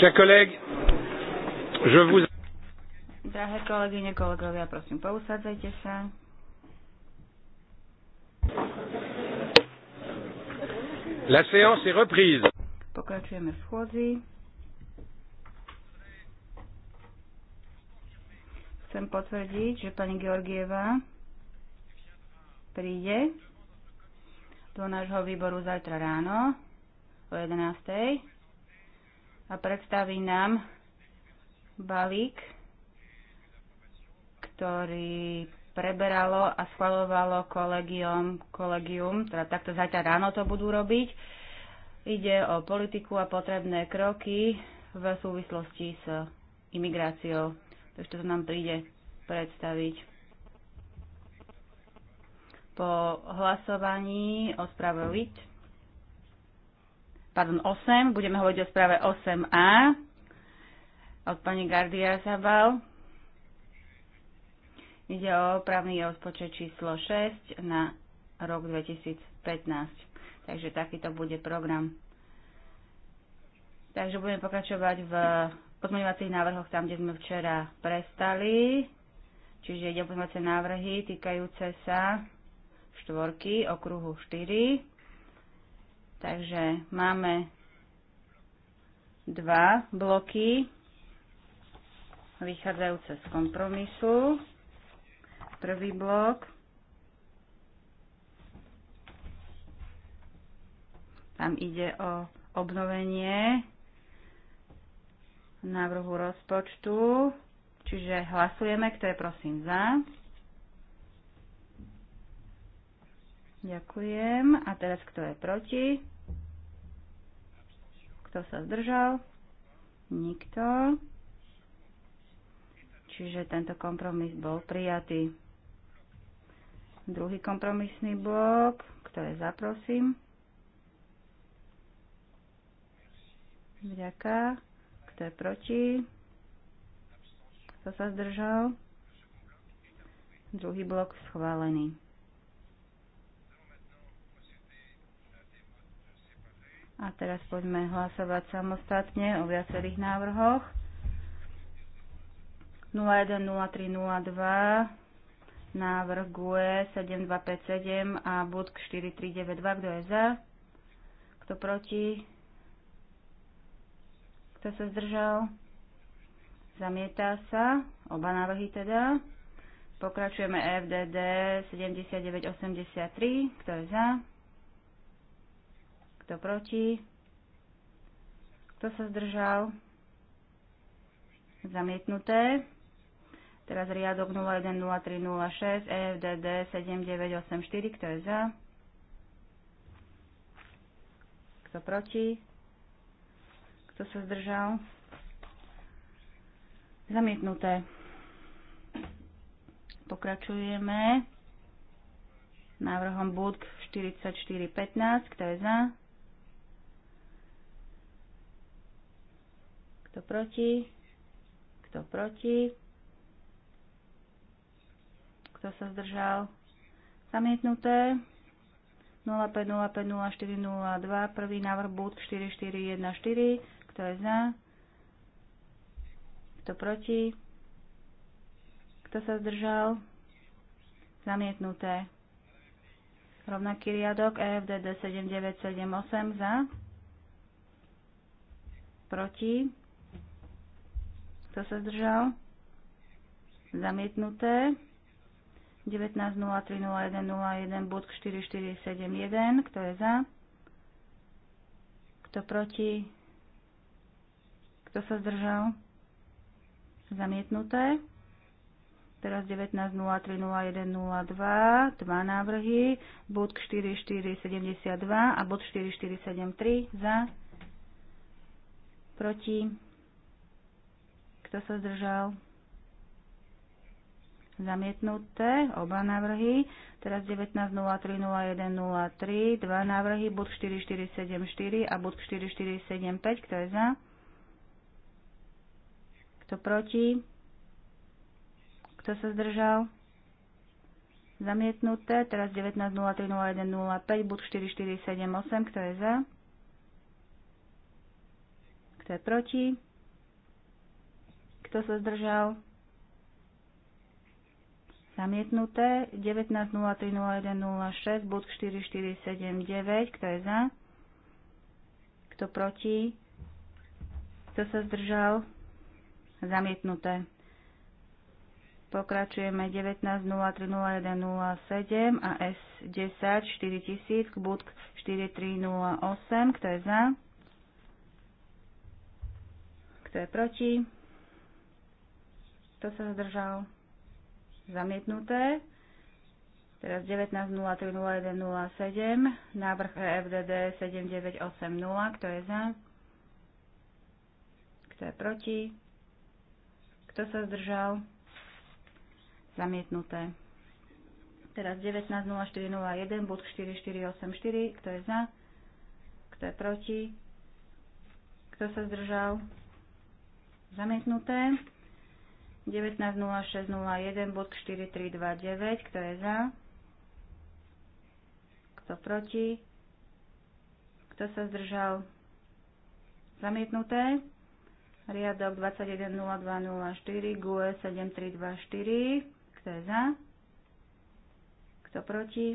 Drahé kolegyne, kolegovia, prosím, pousadzajte sa. La séance est reprise. Pokračujeme v schôdzi. Chcem potvrdiť, že pani Georgieva príde do nášho výboru zajtra ráno o 11 a predstaví nám balík, ktorý preberalo a schvalovalo kolegium, kolegium, teda takto zajtra ráno to budú robiť. Ide o politiku a potrebné kroky v súvislosti s imigráciou. Takže sa nám príde predstaviť. Po hlasovaní o správe pardon, 8, budeme hovoriť o správe 8a od pani Gardia Zabal. Ide o právny rozpočet číslo 6 na rok 2015. Takže takýto bude program. Takže budeme pokračovať v pozmeňovacích návrhoch tam, kde sme včera prestali. Čiže ide o pozmeňovacie návrhy týkajúce sa štvorky okruhu 4 Takže máme dva bloky vychádzajúce z kompromisu. Prvý blok. Tam ide o obnovenie návrhu rozpočtu. Čiže hlasujeme, kto je prosím za. Ďakujem. A teraz kto je proti? Kto sa zdržal? Nikto. Čiže tento kompromis bol prijatý. Druhý kompromisný blok. Kto je za, prosím? Kto je proti? Kto sa zdržal? Druhý blok schválený. A teraz poďme hlasovať samostatne o viacerých návrhoch. 010302 návrh GUE 7257 a BUDK 4392. Kto je za? Kto proti? Kto sa zdržal? Zamietá sa. Oba návrhy teda. Pokračujeme FDD 7983. Kto je za? Kto proti? Kto sa zdržal? Zamietnuté. Teraz riadok 010306 EFDD 7984. Kto je za? Kto proti? Kto sa zdržal? Zamietnuté. Pokračujeme návrhom BUDK 4415. Kto je za? Kto proti? Kto proti? Kto sa zdržal? Zamietnuté. 05050402, prvý návrh bod 4414, kto je za, kto proti, kto sa zdržal, zamietnuté. Rovnaký riadok EFDD 7978 za, proti, kto sa zdržal? Zamietnuté. 19.03.01.01 bod 4471. Kto je za? Kto proti? Kto sa zdržal? Zamietnuté. Teraz 19.03.01.02. Dva návrhy. Bod 4472 a bod 4473. Za? Proti? Kto sa zdržal? Zamietnuté oba návrhy. Teraz 19.03.01.03. Dva návrhy, bod 4474 a bod 4475. Kto je za? Kto proti? Kto sa zdržal? Zamietnuté. Teraz 19.03.01.05. Bod 4478. Kto je za? Kto je proti? Kto sa zdržal? Zamietnuté. 19.03.01.06, bod 4479. Kto je za? Kto proti? Kto sa zdržal? Zamietnuté. Pokračujeme 19.03.01.07 a S10 4000 k budk 4308. Kto je za? Kto je proti? Kto sa zdržal? Zamietnuté. Teraz 19.03.01.07. Návrh EFDD 7980. Kto je za? Kto je proti? Kto sa zdržal? Zamietnuté. Teraz 19.04.01, bod 4484. Kto je za? Kto je proti? Kto sa zdržal? Zamietnuté. 19.06.01 bod 4329. Kto je za? Kto proti? Kto sa zdržal? Zamietnuté. Riadok 210204 GUE 7324. Kto je za? Kto proti?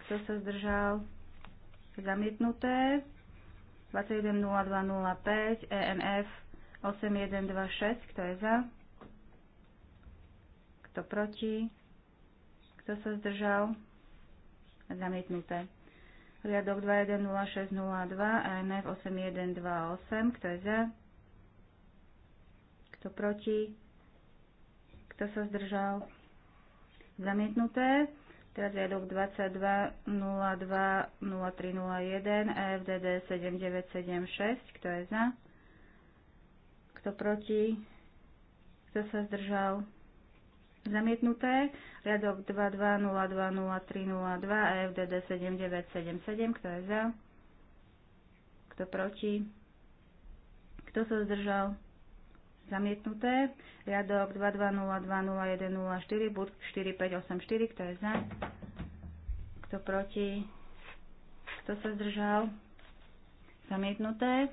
Kto sa zdržal? Zamietnuté. 210205 ENF 8126, kto je za? Kto proti? Kto sa zdržal? Zamietnuté. Riadok 210602 AMF 8128, kto je za? Kto proti? Kto sa zdržal? Zamietnuté. Teraz riadok 22020301 EFDD 7976, kto je za? Kto proti? Kto sa zdržal? Zamietnuté. Riadok 22020302 a FDD 7977. Kto je za? Kto proti? Kto sa zdržal? Zamietnuté. Riadok 22020104 bud 4584. Kto je za? Kto proti? Kto sa zdržal? Zamietnuté.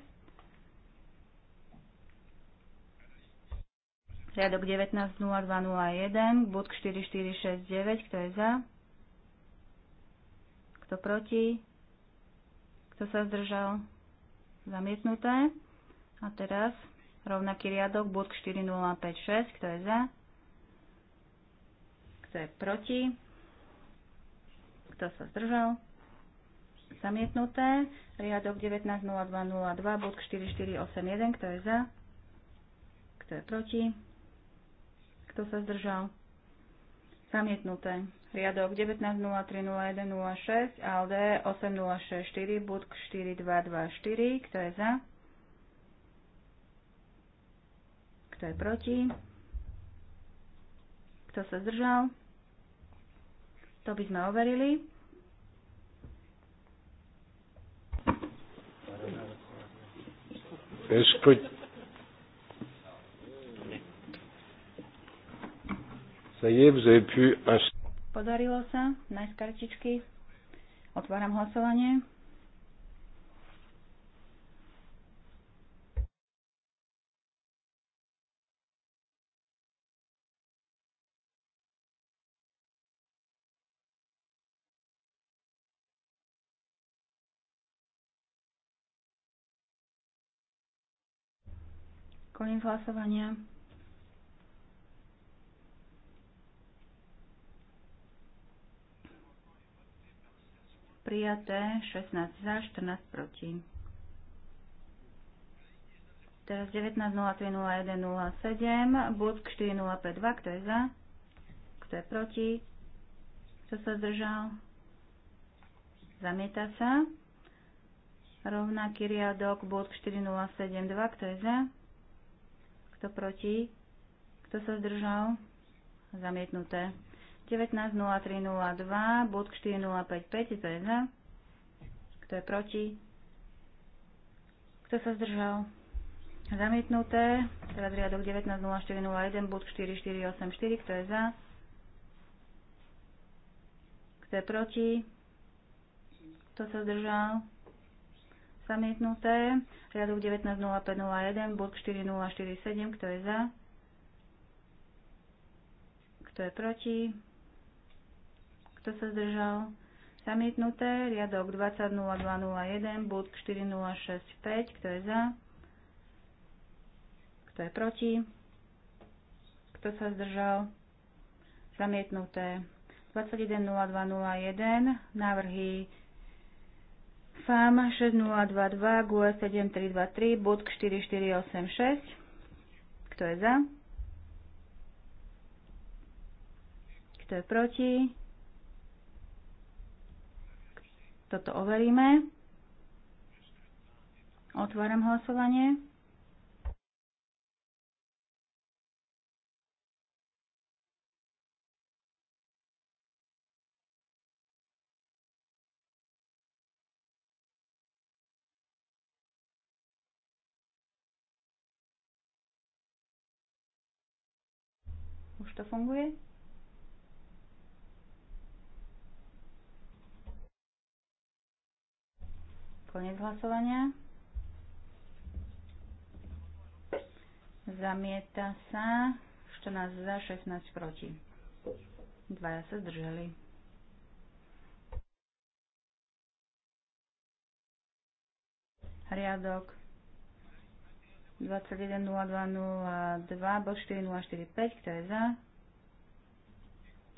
Riadok 19.02.01, bod 4469, kto je za? Kto proti? Kto sa zdržal? Zamietnuté. A teraz rovnaký riadok, bod 4056, kto je za? Kto je proti? Kto sa zdržal? Zamietnuté. Riadok 19.02.02, bod 4481, kto je za? Kto je proti? Kto sa zdržal? Zamietnuté. Riadok 19.03.01.06, ALD 8.064, BUDK 4.224. Kto je za? Kto je proti? Kto sa zdržal? To by sme overili. Le Podarilo sa, nájsť kartičky. Otváram hlasovanie. Koniec hlasovania. prijaté, 16 za, 14 proti. Teraz 19.03.01.07, bod k 4.052, kto je za, kto je proti, kto sa zdržal, zamieta sa. Rovnaký riadok, bod 4072, kto je za, kto proti, kto sa zdržal, zamietnuté. 19.03.02, bod 4055, to je za. Kto je proti? Kto sa zdržal? Zamietnuté. Teraz riadok 19.04.01, bod 4484, kto je za? Kto je proti? Kto sa zdržal? Zamietnuté. Riadok 19.05.01, bod 4047, kto je za? Kto je proti? Kto sa zdržal? Zamietnuté. Riadok 200201, bod 4065. Kto je za? Kto je proti? Kto sa zdržal? Zamietnuté. 210201, návrhy FAM 6022, GUE 7323, bod 4486. Kto je za? Kto je proti? Toto overíme. Otváram hlasovanie. Už to funguje? koniec hlasovania. Zamieta sa 14 za, 16 proti. Dvaja sa zdržali. Riadok 21.02.02, bod 4045, kto je za?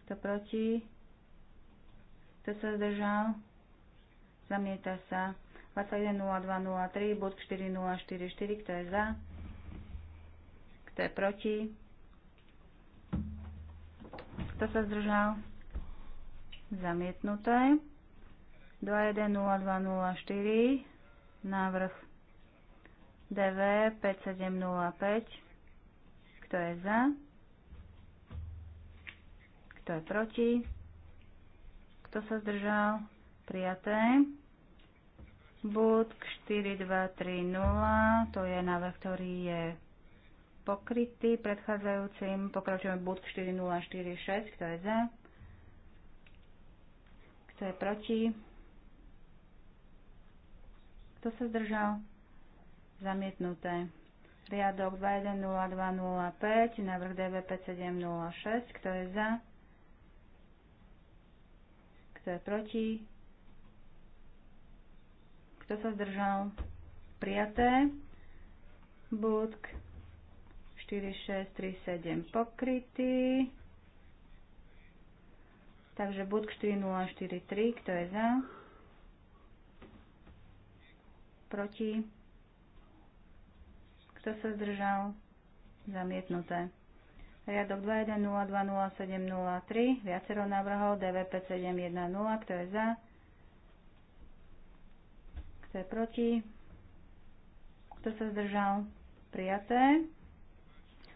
Kto proti? Kto sa zdržal? Zamieta sa 210203, bod 4044, kto je za, kto je proti, kto sa zdržal, zamietnuté. 210204, návrh DV 5705, kto je za, kto je proti, kto sa zdržal, prijaté. Bod 4230, to je návrh, ktorý je pokrytý predchádzajúcim. Pokračujeme bod 4046, kto je za, kto je proti, kto sa zdržal, zamietnuté. Riadok 210205, návrh DVP 706, kto je za, kto je proti, kto sa zdržal? Prijaté. Budk 4637 pokrytý. Takže budk 4043, kto je za? Proti? Kto sa zdržal? Zamietnuté. Riadok 21020703, viacero návrhov, DVP 710, kto je za? Kto je proti? Kto sa zdržal? Prijaté.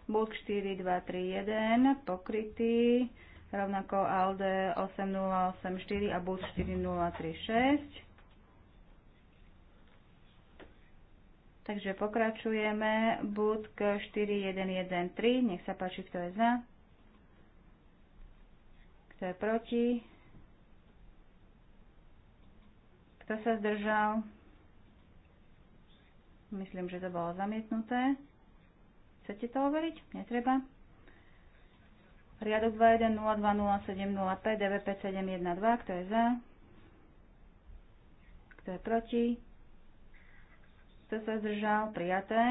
Bulk 4, 2, 3, 1, pokrytý. Rovnako Alde 8084 a BUS 4036. Takže pokračujeme. Budk 4113. Nech sa páči, kto je za. Kto je proti. Kto sa zdržal? Myslím, že to bolo zamietnuté. Chcete to overiť? Netreba. Riadok 2102070 DVP712, kto je za? Kto je proti? Kto sa zdržal? Prijaté.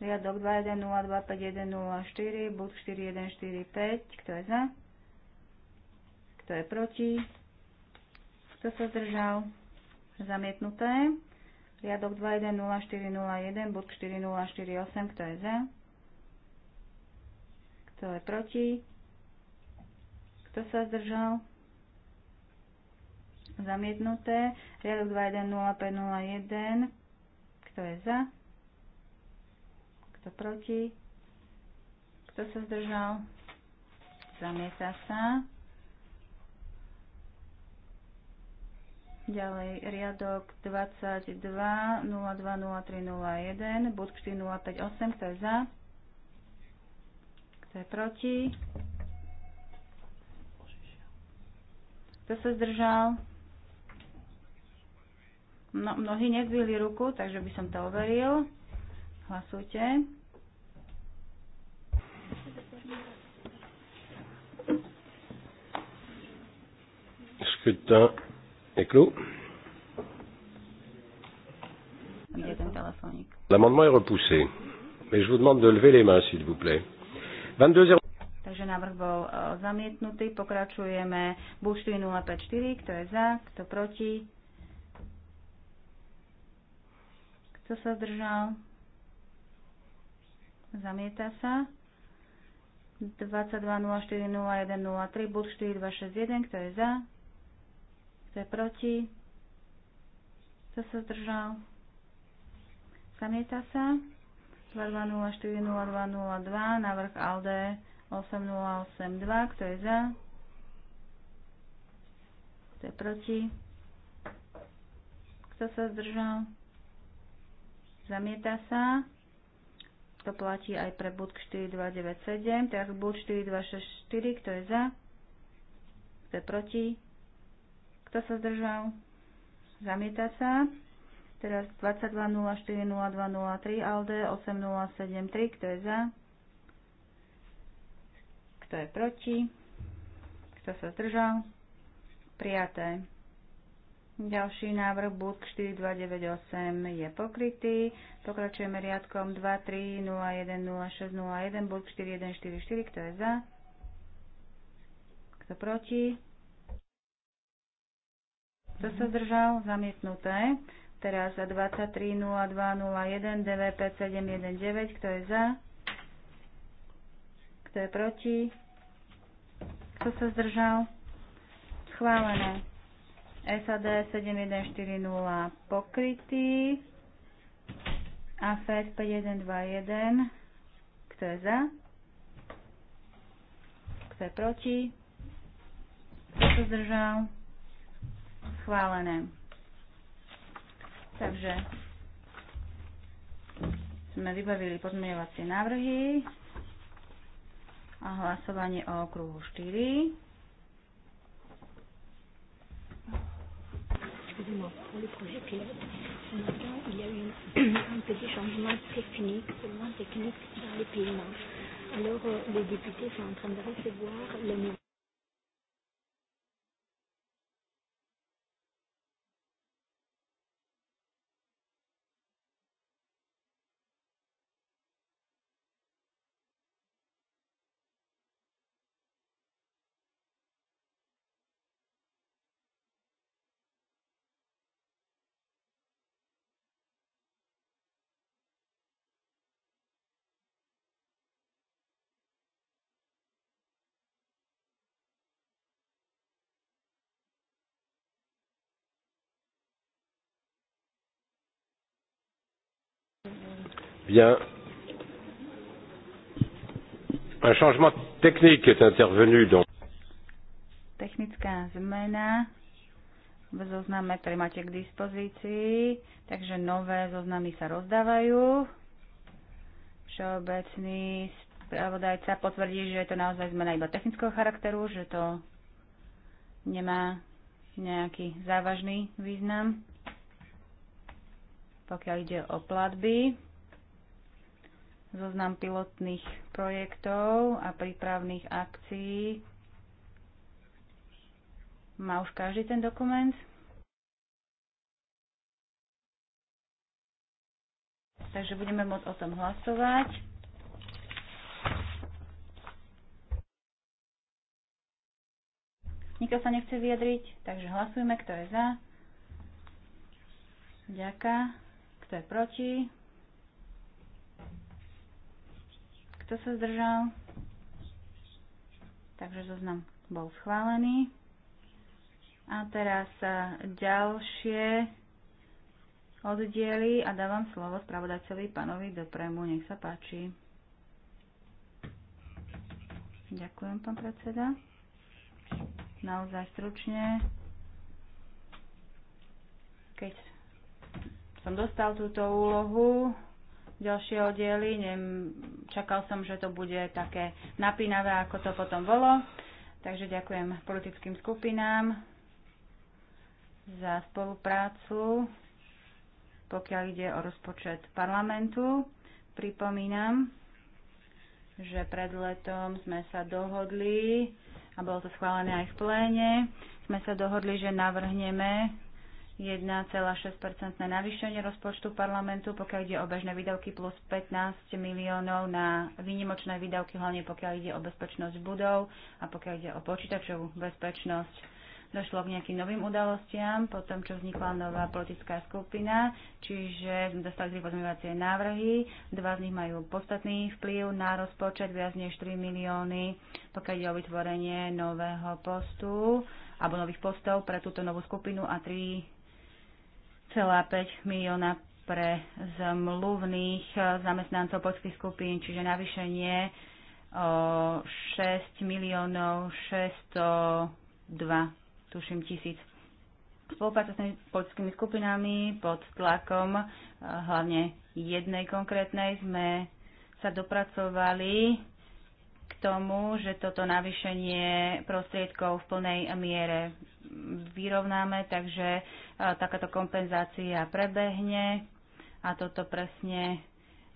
Riadok 2102504, bud 4145, kto je za? Kto je proti? Kto sa zdržal? Zamietnuté. Riadok 210401, bod 4048, kto je za? Kto je proti? Kto sa zdržal? Zamietnuté. Riadok 210501, kto je za? Kto proti? Kto sa zdržal? Zamieta sa. Ďalej riadok 22 bod 4058, kto je za, kto je proti, kto sa zdržal. No, mnohí nezvihli ruku, takže by som to overil. Hlasujte. Scrutin je L'amendement est repoussé. Mais je vous demande de lever les mains, s'il vous plaît. 22 Takže návrh bol uh, zamietnutý. Pokračujeme buď 054, kto je za, kto proti. Kto sa zdržal? Zamieta sa. 22 04 01 03, buď 261, kto je za, kto je proti? Kto sa zdržal? Zamieta sa. 22040202, návrh ALDE 8082, kto je za? Kto je proti? Kto sa zdržal? Zamieta sa. To platí aj pre bod 4297. Tak bod 4264, kto je za? Kto je proti? Kto sa zdržal? Zamieta sa. Teraz 22040203 ALDE 8073. Kto je za? Kto je proti? Kto sa zdržal? Prijaté. Ďalší návrh BUK 4298 je pokrytý. Pokračujeme riadkom 23010601 BUK 4144. Kto je za? Kto proti? Kto sa zdržal? Zamietnuté. Teraz za 23.02.01 DVP 719. Kto je za? Kto je proti? Kto sa zdržal? Schválené. SAD 7140 pokrytý. AFED e 5121. Kto je za? Kto je proti? Kto sa zdržal? schválené. Takže sme vybavili pozmeňovacie návrhy a hlasovanie o okruhu 4. Excusez-moi, pour e, il y a un petit changement technique, seulement technique dans les paiements. Alors, euh, les députés sont en train de recevoir le nouveau. Bien. Un changement technique est intervenu donc. Technická zmena v zozname, ktorý máte k dispozícii, takže nové zoznamy sa rozdávajú. Všeobecný spravodajca potvrdí, že je to naozaj zmena iba technického charakteru, že to nemá nejaký závažný význam, pokiaľ ide o platby zoznam pilotných projektov a prípravných akcií. Má už každý ten dokument? Takže budeme môcť o tom hlasovať. Nikto sa nechce vyjadriť, takže hlasujme, kto je za. Ďaká. Kto je proti? Kto sa zdržal? Takže zoznam bol schválený. A teraz e, ďalšie oddiely a dávam slovo spravodajcovi pánovi Dopremu. Nech sa páči. Ďakujem, pán predseda. Naozaj stručne. Keď som dostal túto úlohu, ďalšie oddiely. čakal som, že to bude také napínavé, ako to potom bolo. Takže ďakujem politickým skupinám za spoluprácu, pokiaľ ide o rozpočet parlamentu. Pripomínam, že pred letom sme sa dohodli, a bolo to schválené aj v pléne, sme sa dohodli, že navrhneme 1,6% navýšenie rozpočtu parlamentu, pokiaľ ide o bežné výdavky plus 15 miliónov na výnimočné výdavky, hlavne pokiaľ ide o bezpečnosť budov a pokiaľ ide o počítačovú bezpečnosť. Došlo k nejakým novým udalostiam, potom čo vznikla nová politická skupina, čiže sme dostali tri pozmeňovacie návrhy, dva z nich majú podstatný vplyv na rozpočet, viac než 3 milióny, pokiaľ ide o vytvorenie nového postu alebo nových postov pre túto novú skupinu a 3 milióna pre zmluvných eh, zamestnancov poľských skupín, čiže navýšenie o 6 miliónov 602 tuším tisíc. Spolupráca s poľskými skupinami pod tlakom eh, hlavne jednej konkrétnej sme sa dopracovali k tomu, že toto navýšenie prostriedkov v plnej miere vyrovnáme, takže takáto kompenzácia prebehne a toto presne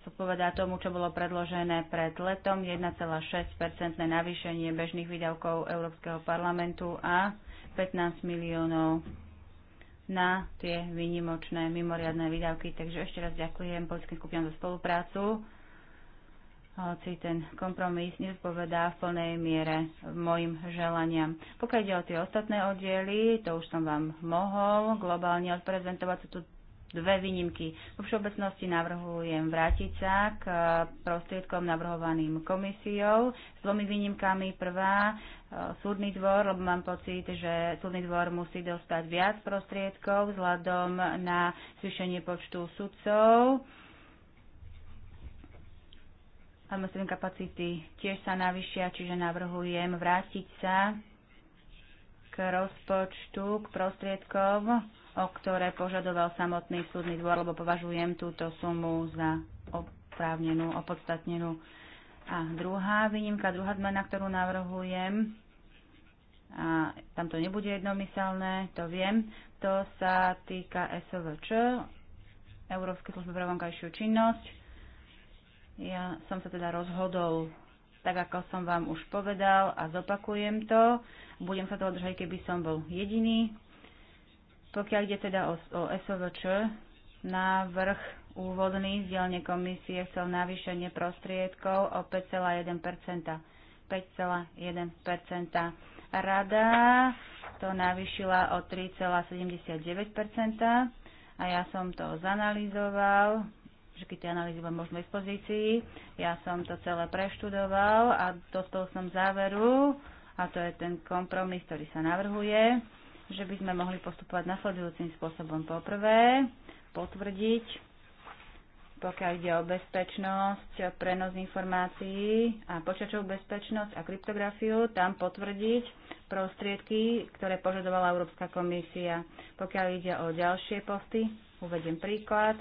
zodpovedá tomu, čo bolo predložené pred letom, 1,6% navýšenie bežných výdavkov Európskeho parlamentu a 15 miliónov na tie výnimočné mimoriadné výdavky. Takže ešte raz ďakujem politickým skupinám za spoluprácu hoci ten kompromis nezpovedá v plnej miere mojim želaniam. Pokiaľ ide o tie ostatné oddiely, to už som vám mohol globálne odprezentovať, sú tu dve výnimky. V všeobecnosti navrhujem vrátiť sa k prostriedkom navrhovaným komisiou s dvomi výnimkami. Prvá, e, súdny dvor, lebo mám pocit, že súdny dvor musí dostať viac prostriedkov vzhľadom na zvýšenie počtu sudcov administratívne kapacity tiež sa navyšia, čiže navrhujem vrátiť sa k rozpočtu, k prostriedkom, o ktoré požadoval samotný súdny dvor, lebo považujem túto sumu za oprávnenú, opodstatnenú. A druhá výnimka, druhá zmena, ktorú navrhujem, a tam to nebude jednomyselné, to viem, to sa týka SOVČ, Európskej služby pre vonkajšiu činnosť ja som sa teda rozhodol, tak ako som vám už povedal a zopakujem to. Budem sa toho držať, keby som bol jediný. Pokiaľ ide teda o, o SOVČ, návrh úvodný z dielne komisie chcel navýšenie prostriedkov o 5,1%. 5,1%. Rada to navýšila o 3,79% a ja som to zanalýzoval keď tie analýzy vám možno dispozícii. Ja som to celé preštudoval a dostal som záveru, a to je ten kompromis, ktorý sa navrhuje, že by sme mohli postupovať nasledujúcim spôsobom. Poprvé, potvrdiť, pokiaľ ide o bezpečnosť, prenos informácií a počačovú bezpečnosť a kryptografiu, tam potvrdiť prostriedky, ktoré požadovala Európska komisia. Pokiaľ ide o ďalšie posty, uvediem príklad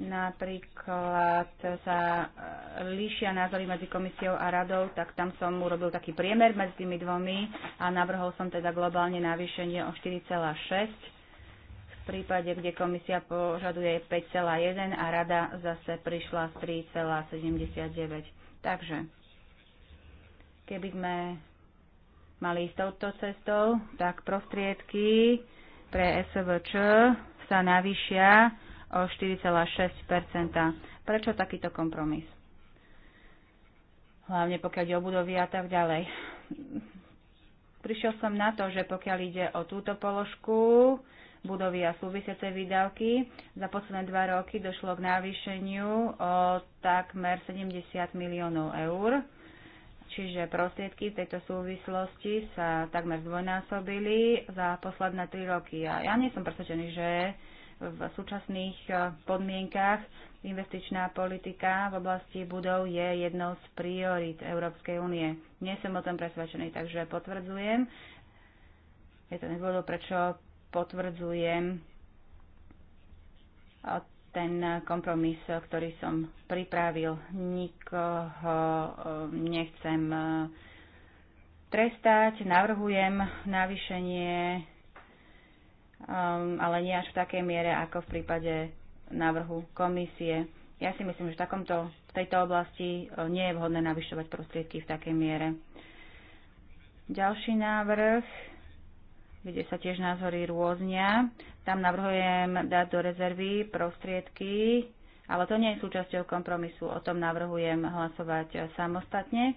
napríklad sa e, líšia názory medzi komisiou a radou, tak tam som urobil taký priemer medzi tými dvomi a navrhol som teda globálne navýšenie o 4,6 v prípade, kde komisia požaduje 5,1 a rada zase prišla z 3,79. Takže keby sme mali ísť touto cestou, tak prostriedky pre SVČ sa navýšia o 4,6 Prečo takýto kompromis? Hlavne pokiaľ ide o budovy a tak ďalej. Prišiel som na to, že pokiaľ ide o túto položku, budovy a súvisiace výdavky, za posledné dva roky došlo k navýšeniu o takmer 70 miliónov eur. Čiže prostriedky v tejto súvislosti sa takmer zdvojnásobili za posledné tri roky. A ja nie som presvedčený, že v súčasných e, podmienkách investičná politika v oblasti budov je jednou z priorit Európskej únie. Nie som o tom presvedčený, takže potvrdzujem. Je to nezvôľu, prečo potvrdzujem e, ten kompromis, ktorý som pripravil. Nikoho e, nechcem trestať, navrhujem navýšenie um, ale nie až v takej miere ako v prípade návrhu komisie. Ja si myslím, že v, takomto, v tejto oblasti uh, nie je vhodné navyšovať prostriedky v takej miere. Ďalší návrh, kde sa tiež názory rôznia, tam navrhujem dať do rezervy prostriedky, ale to nie je súčasťou kompromisu, o tom navrhujem hlasovať uh, samostatne.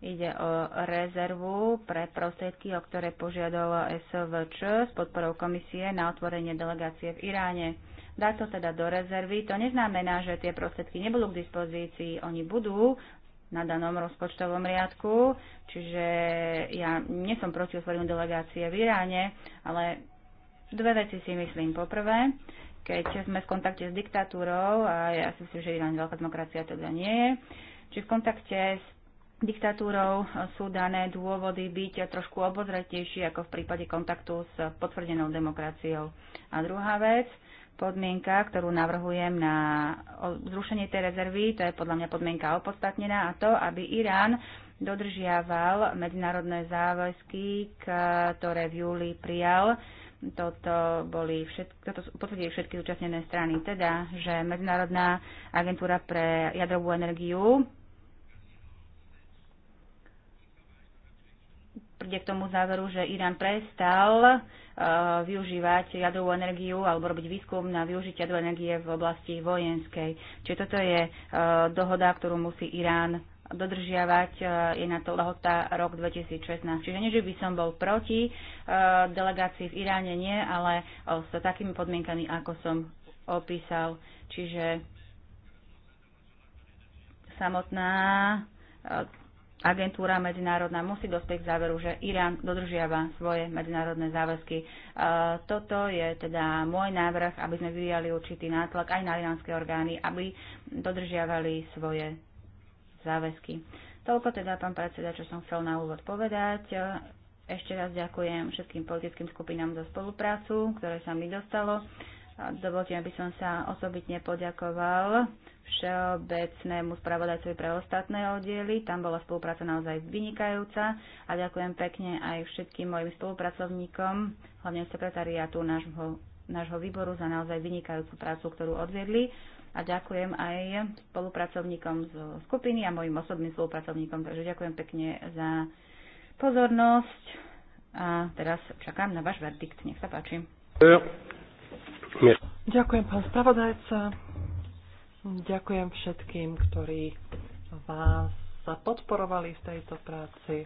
Ide o rezervu pre prostriedky, o ktoré požiadalo SVČ s podporou komisie na otvorenie delegácie v Iráne. Dá to teda do rezervy. To neznamená, že tie prostriedky nebudú k dispozícii. Oni budú na danom rozpočtovom riadku, čiže ja nie som proti otvoreniu delegácie v Iráne, ale dve veci si myslím. Poprvé, keď sme v kontakte s diktatúrou, a ja si myslím, že Irán veľká demokracia teda nie je, či v kontakte s diktatúrou e, sú dané dôvody byť trošku obozretejší ako v prípade kontaktu s potvrdenou demokraciou. A druhá vec, podmienka, ktorú navrhujem na zrušenie tej rezervy, to je podľa mňa podmienka opodstatnená a to, aby Irán dodržiaval medzinárodné záväzky, ktoré v júli prijal toto boli všetky, toto potvrdili všetky zúčastnené strany, teda, že Medzinárodná agentúra pre jadrovú energiu príde k tomu záveru, že Irán prestal e, využívať jadrovú energiu alebo robiť výskum na využitie jadrovej energie v oblasti vojenskej. Čiže toto je e, dohoda, ktorú musí Irán dodržiavať, e, je na to lehota rok 2016. Čiže nie, že by som bol proti delegácii v Iráne, nie, ale s takými podmienkami, ako som opísal. Čiže samotná agentúra medzinárodná musí dospieť k záveru, že Irán dodržiava svoje medzinárodné záväzky. E, toto je teda môj návrh, aby sme vyvíjali určitý nátlak aj na iránske orgány, aby dodržiavali svoje záväzky. Toľko teda, pán predseda, čo som chcel na úvod povedať. E, ešte raz ďakujem všetkým politickým skupinám za spoluprácu, ktoré sa mi dostalo. Dovolte, aby som sa osobitne poďakoval všeobecnému spravodajcovi pre ostatné oddiely. Tam bola spolupráca naozaj vynikajúca a ďakujem pekne aj všetkým mojim spolupracovníkom, hlavne sekretariátu nášho, nášho výboru za naozaj vynikajúcu prácu, ktorú odviedli. A ďakujem aj spolupracovníkom z skupiny a mojim osobným spolupracovníkom. Takže ďakujem pekne za pozornosť a teraz čakám na váš verdikt. Nech sa páči. Ďakujem, pán spravodajca. Ďakujem všetkým, ktorí vás podporovali v tejto práci.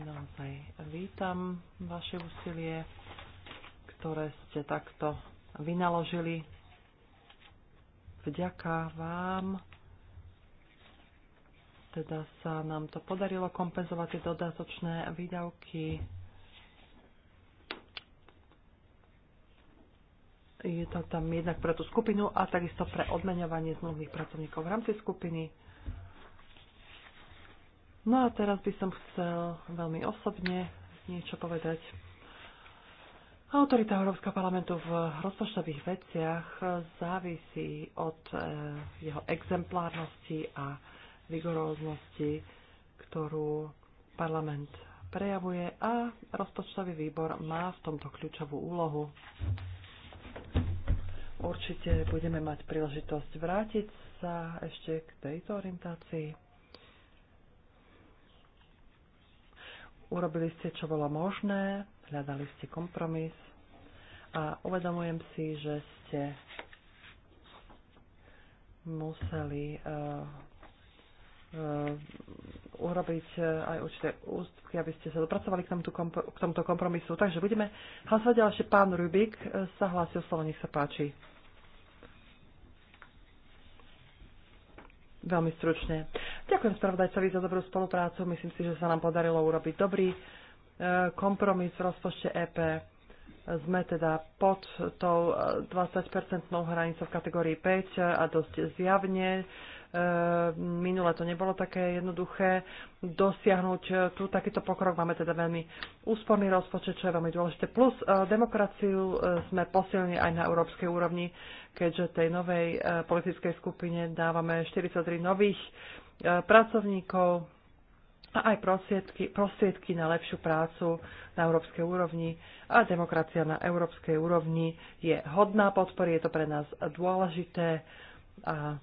Naozaj vítam vaše úsilie, ktoré ste takto vynaložili. Vďaka vám teda sa nám to podarilo kompenzovať tie dodatočné výdavky Je to tam jednak pre tú skupinu a takisto pre odmeňovanie zmluvných pracovníkov v rámci skupiny. No a teraz by som chcel veľmi osobne niečo povedať. Autorita Európskeho parlamentu v rozpočtových veciach závisí od eh, jeho exemplárnosti a vigoróznosti, ktorú parlament prejavuje a rozpočtový výbor má v tomto kľúčovú úlohu. Určite budeme mať príležitosť vrátiť sa ešte k tejto orientácii. Urobili ste, čo bolo možné, hľadali ste kompromis a uvedomujem si, že ste museli uh, uh, urobiť e, aj určité ústupky, aby ste sa dopracovali k tomuto, k tomuto kompromisu. Takže budeme hlasovať, ďalšie pán Rubik e, sa o slovo, nech sa páči. Veľmi stručne. Ďakujem spravodajcovi za dobrú spoluprácu. Myslím si, že sa nám podarilo urobiť dobrý e, kompromis v rozpočte EP. Sme teda pod tou 20-percentnou hranicou v kategórii 5 a dosť zjavne Ehm, minule to nebolo také jednoduché dosiahnuť eh, tu takýto pokrok. Máme teda veľmi úsporný rozpočet, čo je veľmi dôležité. Plus eh, demokraciu eh, sme posilnili aj na európskej úrovni, keďže tej novej politickej skupine dávame 43 nových pracovníkov a aj prostriedky, prostriedky na lepšiu prácu na európskej úrovni. A demokracia na európskej úrovni je hodná podpory, je to pre nás dôležité a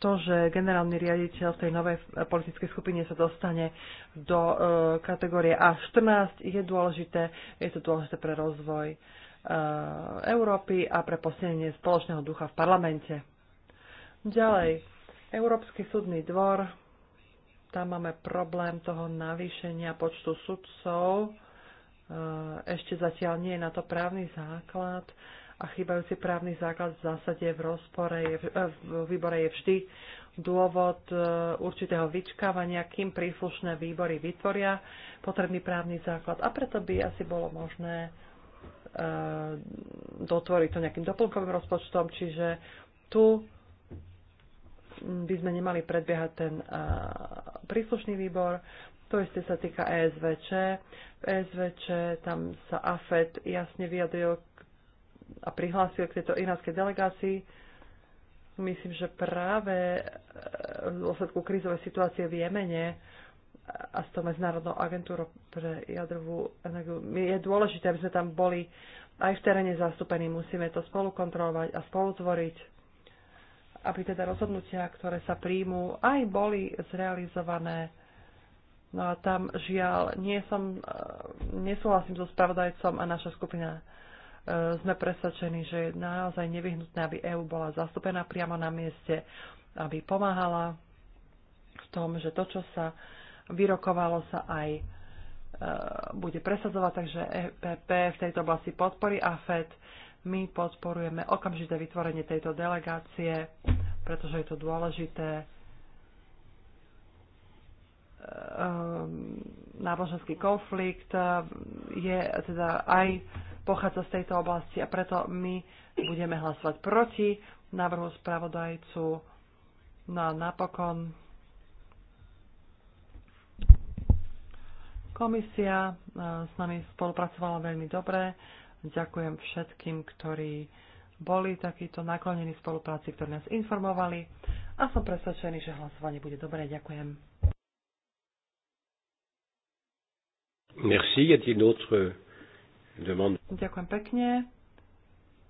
to, že generálny riaditeľ v tej novej politickej skupine sa dostane do e, kategórie A14 je dôležité. Je to dôležité pre rozvoj e, Európy a pre posilnenie spoločného ducha v parlamente. Ďalej, Európsky súdny dvor. Tam máme problém toho navýšenia počtu sudcov. E, ešte zatiaľ nie je na to právny základ. E, a chýbajúci právny základ v zásade v rozpore, je, eh, v výbore je vždy dôvod eh, určitého vyčkávania, kým príslušné výbory vytvoria potrebný právny základ. A preto by asi bolo možné eh, dotvoriť to nejakým doplnkovým rozpočtom, čiže tu by sme nemali predbiehať ten príslušný výbor. To isté sa týka ESVČ. V ESVČ e tam sa AFED jasne vyjadril a prihlásil k tejto iránskej delegácii. Myslím, že práve e, v dôsledku krízovej situácie v Jemene a s tou medzinárodnou agentúrou pre jadrovú energiu je dôležité, aby sme tam boli aj v teréne zastúpení. Musíme to spolu kontrolovať a spolu tvoriť, aby teda rozhodnutia, ktoré sa príjmú, aj boli zrealizované. No a tam žiaľ, nie som, e, nesúhlasím so spravodajcom a naša skupina E, sme presvedčení, že je naozaj nevyhnutné, aby EÚ bola zastúpená priamo na mieste, aby pomáhala v tom, že to, čo sa vyrokovalo, sa aj e, bude presadzovať, takže EPP v tejto oblasti podporí AFED. My podporujeme okamžité vytvorenie tejto delegácie, pretože je to dôležité. E, náboženský konflikt je teda aj pochádza z tejto oblasti a preto my budeme hlasovať proti návrhu spravodajcu. No a napokon komisia e, s nami spolupracovala veľmi dobre. Ďakujem všetkým, ktorí boli takíto naklonení spolupráci, ktorí nás informovali a som presvedčený, že hlasovanie bude dobré. Ďakujem. Merci. Y a-t-il d'autres Ďakujem pekne.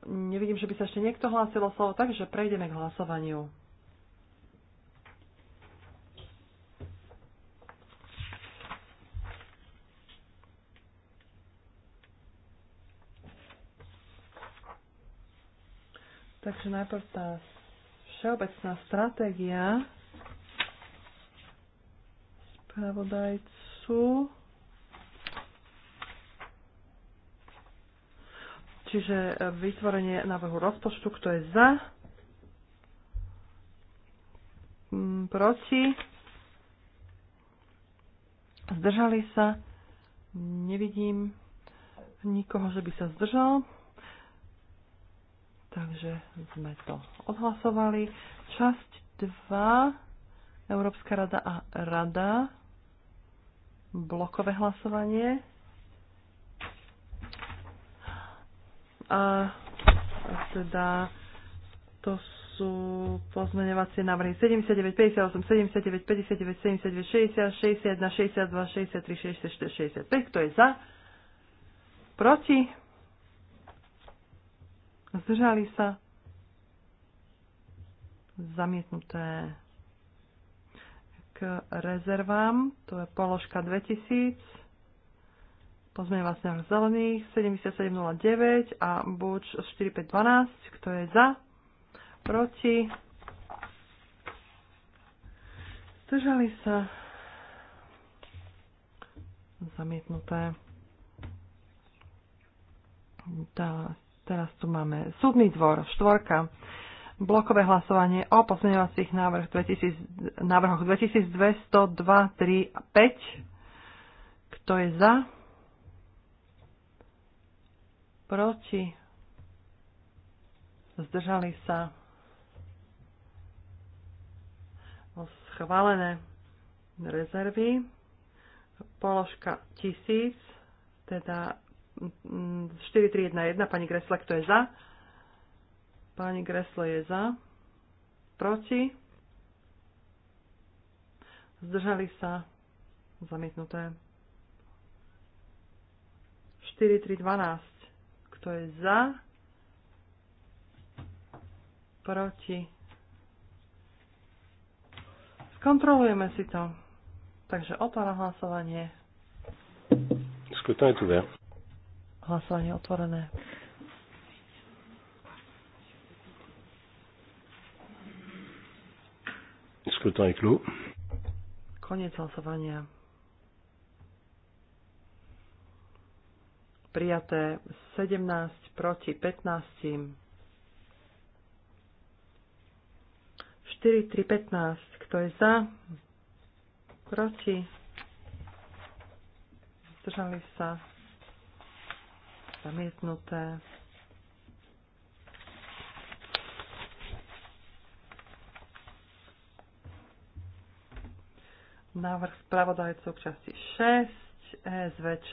Nevidím, že by sa ešte niekto o slovo, takže prejdeme k hlasovaniu. Takže najprv tá všeobecná stratégia spravodajcu. Čiže e, vytvorenie návrhu rozpočtu, kto je za, mm, proti, zdržali sa, nevidím nikoho, že by sa zdržal. Takže sme to odhlasovali. Časť 2, Európska rada a rada, blokové hlasovanie. A teda to sú pozmeňovacie návrhy 79, 58, 79, 59, 79, 60, 61, 62, 63, 64, 65. Kto je za? Proti? Zdržali sa? Zamietnuté k rezervám. To je položka 2000 vás návrh zelených 7709 a buď 4512, kto je za, proti, zdržali sa, zamietnuté. Tá, teraz tu máme súdny dvor, štvorka, blokové hlasovanie o pozmeňovacích návrh 2000, návrhoch 2202, 3 a 5. Kto je za? proti, zdržali sa, schválené rezervy, položka 1000, teda 4311, mm, pani Gresle, kto je za? Pani Gresle je za, proti, zdržali sa, zamietnuté. 4312. Kto je za? Proti? Skontrolujeme si to. Takže otváram hlasovanie. Skutaj tu Hlasovanie otvorené. Skutaj tu. Koniec hlasovania. prijaté 17 proti 15. 4, 3, 15. Kto je za? Proti? Zdržali sa? Zamietnuté. Návrh spravodajcov k časti 6, e SVČ.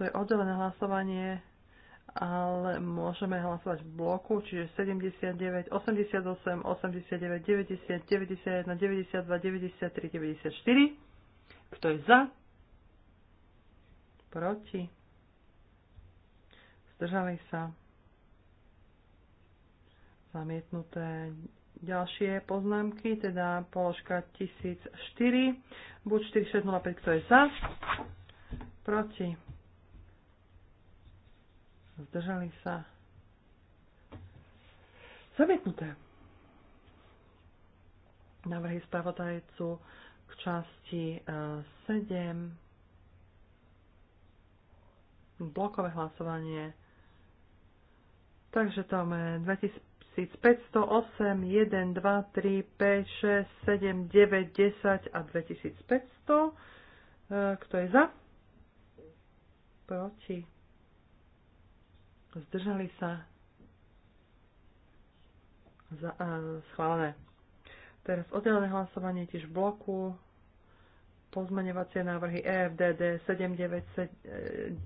To je oddelené hlasovanie, ale môžeme hlasovať v bloku, čiže 79, 88, 89, 90, 91, 92, 93, 94. Kto je za? Proti? Zdržali sa? Zamietnuté ďalšie poznámky, teda položka 1004, buď 4605, kto je za, proti, zdržali sa, zamietnuté. Návrhy spravodajcu k časti 7, eh, blokové hlasovanie, takže to máme 2508, 1, 2, 3, 5, 6, 7, 9, 10 a 2500. Eh, kto je za? Proti zdržali sa za, a, schválené. Teraz oddelené hlasovanie tiež v bloku pozmaňovacie návrhy EFDD 7996,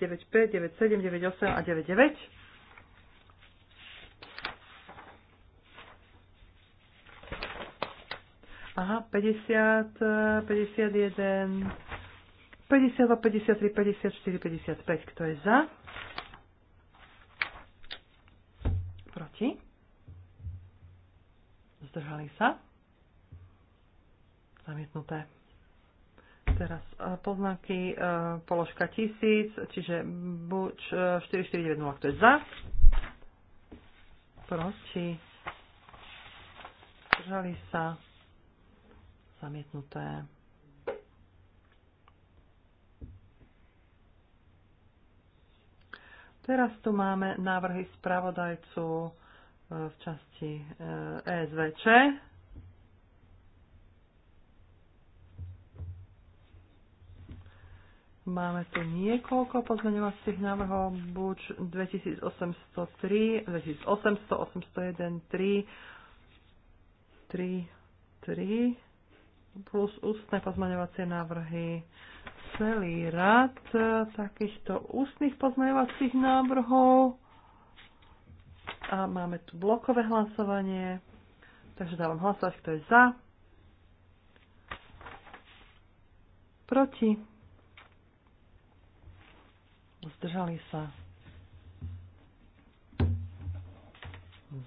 95, 97, 98 a 99. Aha, 50, 51, 52, 53, 54, 55. Kto je za? Proti? Zdržali sa? Zamietnuté. Teraz e, poznámky, e, položka 1000, čiže buď 4490, e, kto je za? Proti? Zdržali sa? Zamietnuté. Teraz tu máme návrhy spravodajcu e, v časti ESVČ. E máme tu niekoľko pozmeňovacích návrhov, buď 2803, 2800, 801, 3, 3, 3, plus ústne pozmeňovacie návrhy celý rad e, takýchto ústnych pozmeňovacích návrhov a máme tu blokové hlasovanie. Takže dávam hlasovať, kto je za. Proti. Zdržali sa.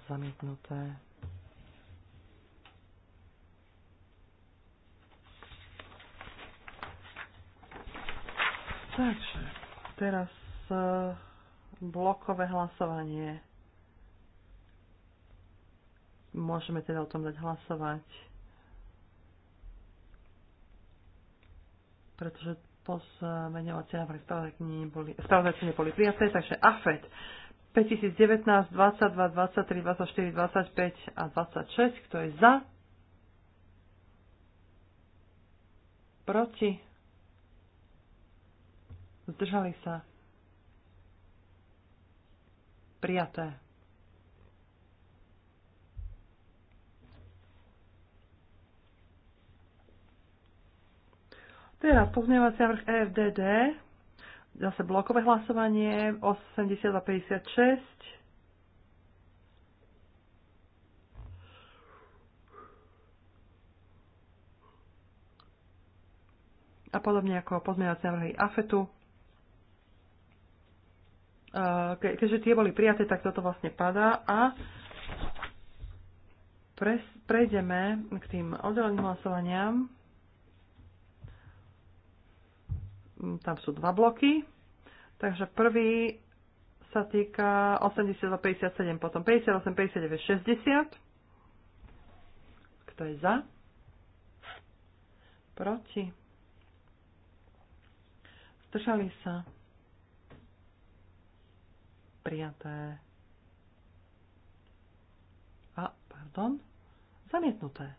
Zamietnuté. Takže, teraz e, blokové hlasovanie. Môžeme teda o tom dať hlasovať. Pretože pozmeňovacie e, návrhy spravodajky neboli prijaté, takže AFED 5019, 22, 23, 24, 25 a 26, kto je za? Proti? Zdržali sa. Prijaté. Teraz pozmeňovací návrh EFDD, zase blokové hlasovanie 80 a 56. A podobne ako pozmeňovací návrhy AFETu ke, keďže tie boli prijaté, tak toto vlastne padá a pres, prejdeme k tým oddeleným hlasovaniam. Tam sú dva bloky. Takže prvý sa týka 80 a 57, potom 58, 59, 60. Kto je za? Proti? Zdržali sa prijaté a, pardon, zamietnuté.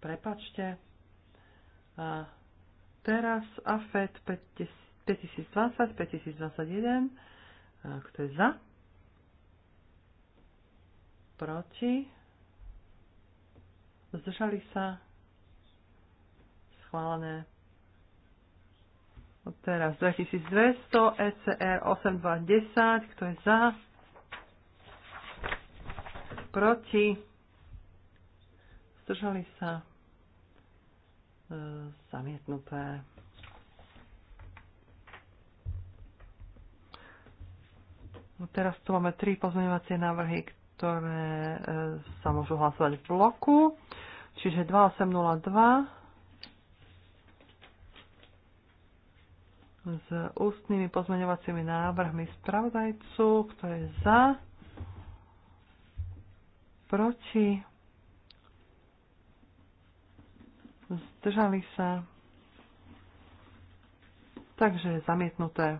Prepačte. A teraz AFED 5020, 5021, kto je za? Proti? Zdržali sa? Schválené Teraz 2200, ECR 8210, kto je za? Proti? Zdržali sa? E, zamietnuté. No teraz tu máme tri pozmeňovacie návrhy, ktoré e, sa môžu hlasovať v bloku. Čiže 2802, s ústnymi pozmeňovacími návrhmi spravodajcu. Kto je za? Proti? Zdržali sa? Takže zamietnuté.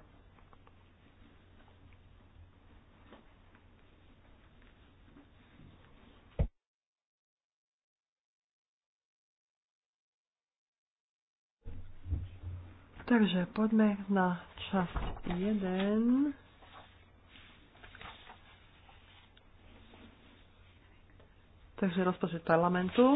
Takže poďme na časť 1. Takže rozpočet parlamentu.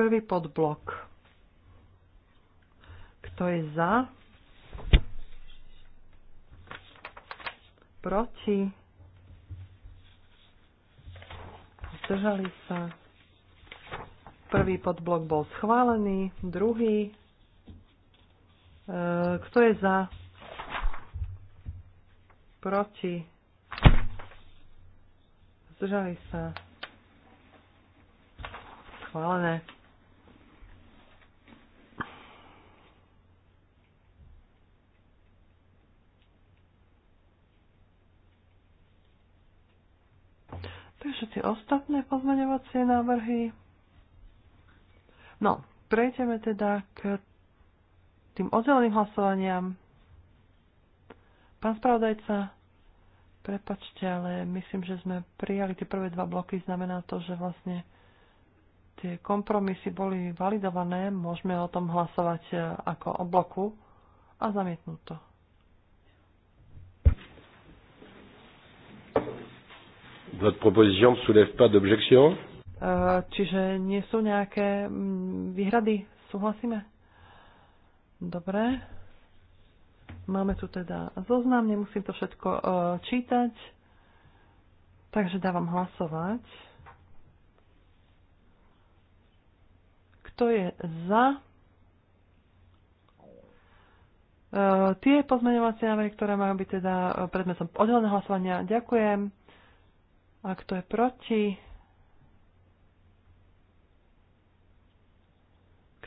Prvý podblok. Kto je za? Proti? zdržali sa. Prvý podblok bol schválený, druhý. E, kto je za? Proti? Zdržali sa. Schválené. Takže tie ostatné pozmeňovacie návrhy. No, prejdeme teda k tým oddeleným hlasovaniam. Pán spravodajca, prepačte, ale myslím, že sme prijali tie prvé dva bloky. Znamená to, že vlastne tie kompromisy boli validované. Môžeme o tom hlasovať eh, ako o bloku a zamietnúť to. Votre proposition ne soulève pas d'objection? Eh, čiže nie sú nejaké mm, výhrady? Súhlasíme? Dobre. Máme tu teda zoznam, nemusím to všetko eh, čítať. Takže dávam hlasovať. Kto je za? Eh, tie pozmeňovacie návrhy, ktoré majú byť teda predmetom oddeleného hlasovania. Ďakujem. A kto je proti?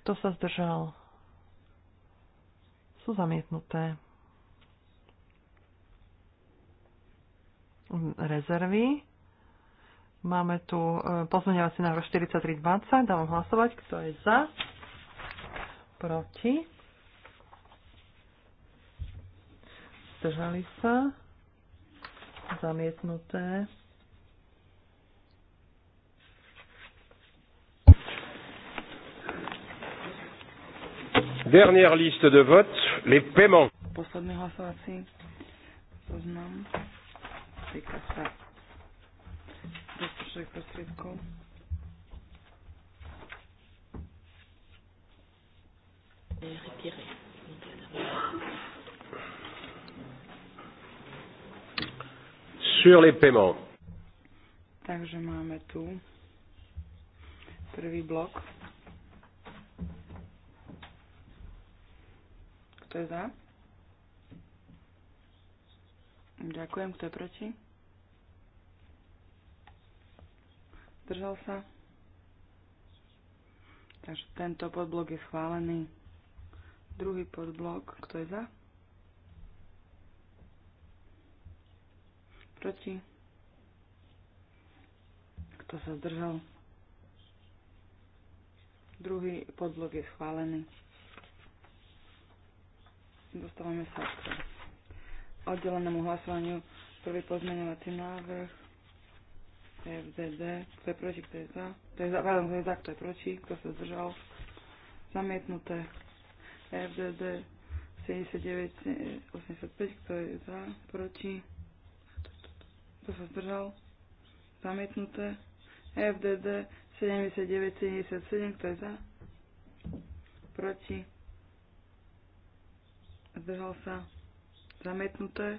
Kto sa zdržal? Sú zamietnuté. Rezervy. Máme tu e, pozmeňovací návrh 4320. Dávam hlasovať, kto je za, proti. Zdržali sa. Zamietnuté. dernière liste de vote, les paiements. Posledný hlasovací zoznam týka sa rozpočtových prostriedkov. Sur les paiements. Takže máme tu prvý blok Kto je za? Ďakujem. Kto je proti? Zdržal sa? Takže tento podblok je schválený. Druhý podblok. Kto je za? Proti? Kto sa zdržal? Druhý podblok je schválený. Dostávame sa k oddelenému hlasovaniu. Prvý pozmeňovací návrh. FDD. Kto je proti, kto je za? Kto je za, pardon, kto je za, kto je proti, kto sa zdržal? Zamietnuté. FDD 7985, kto je za, proti, kto sa zdržal, zamietnuté. FDD 7977, kto je za, proti, zdržal sa, zamietnuté.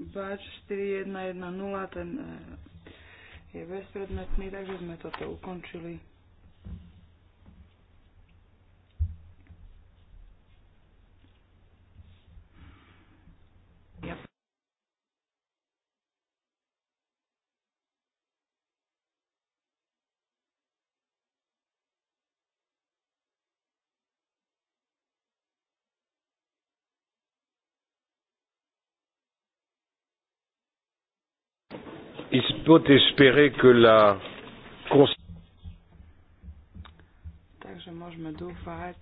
Bač 4110, ten eh, je bezpredmetný, takže sme toto ukončili. peut espérer que la Takže môžeme dúfať,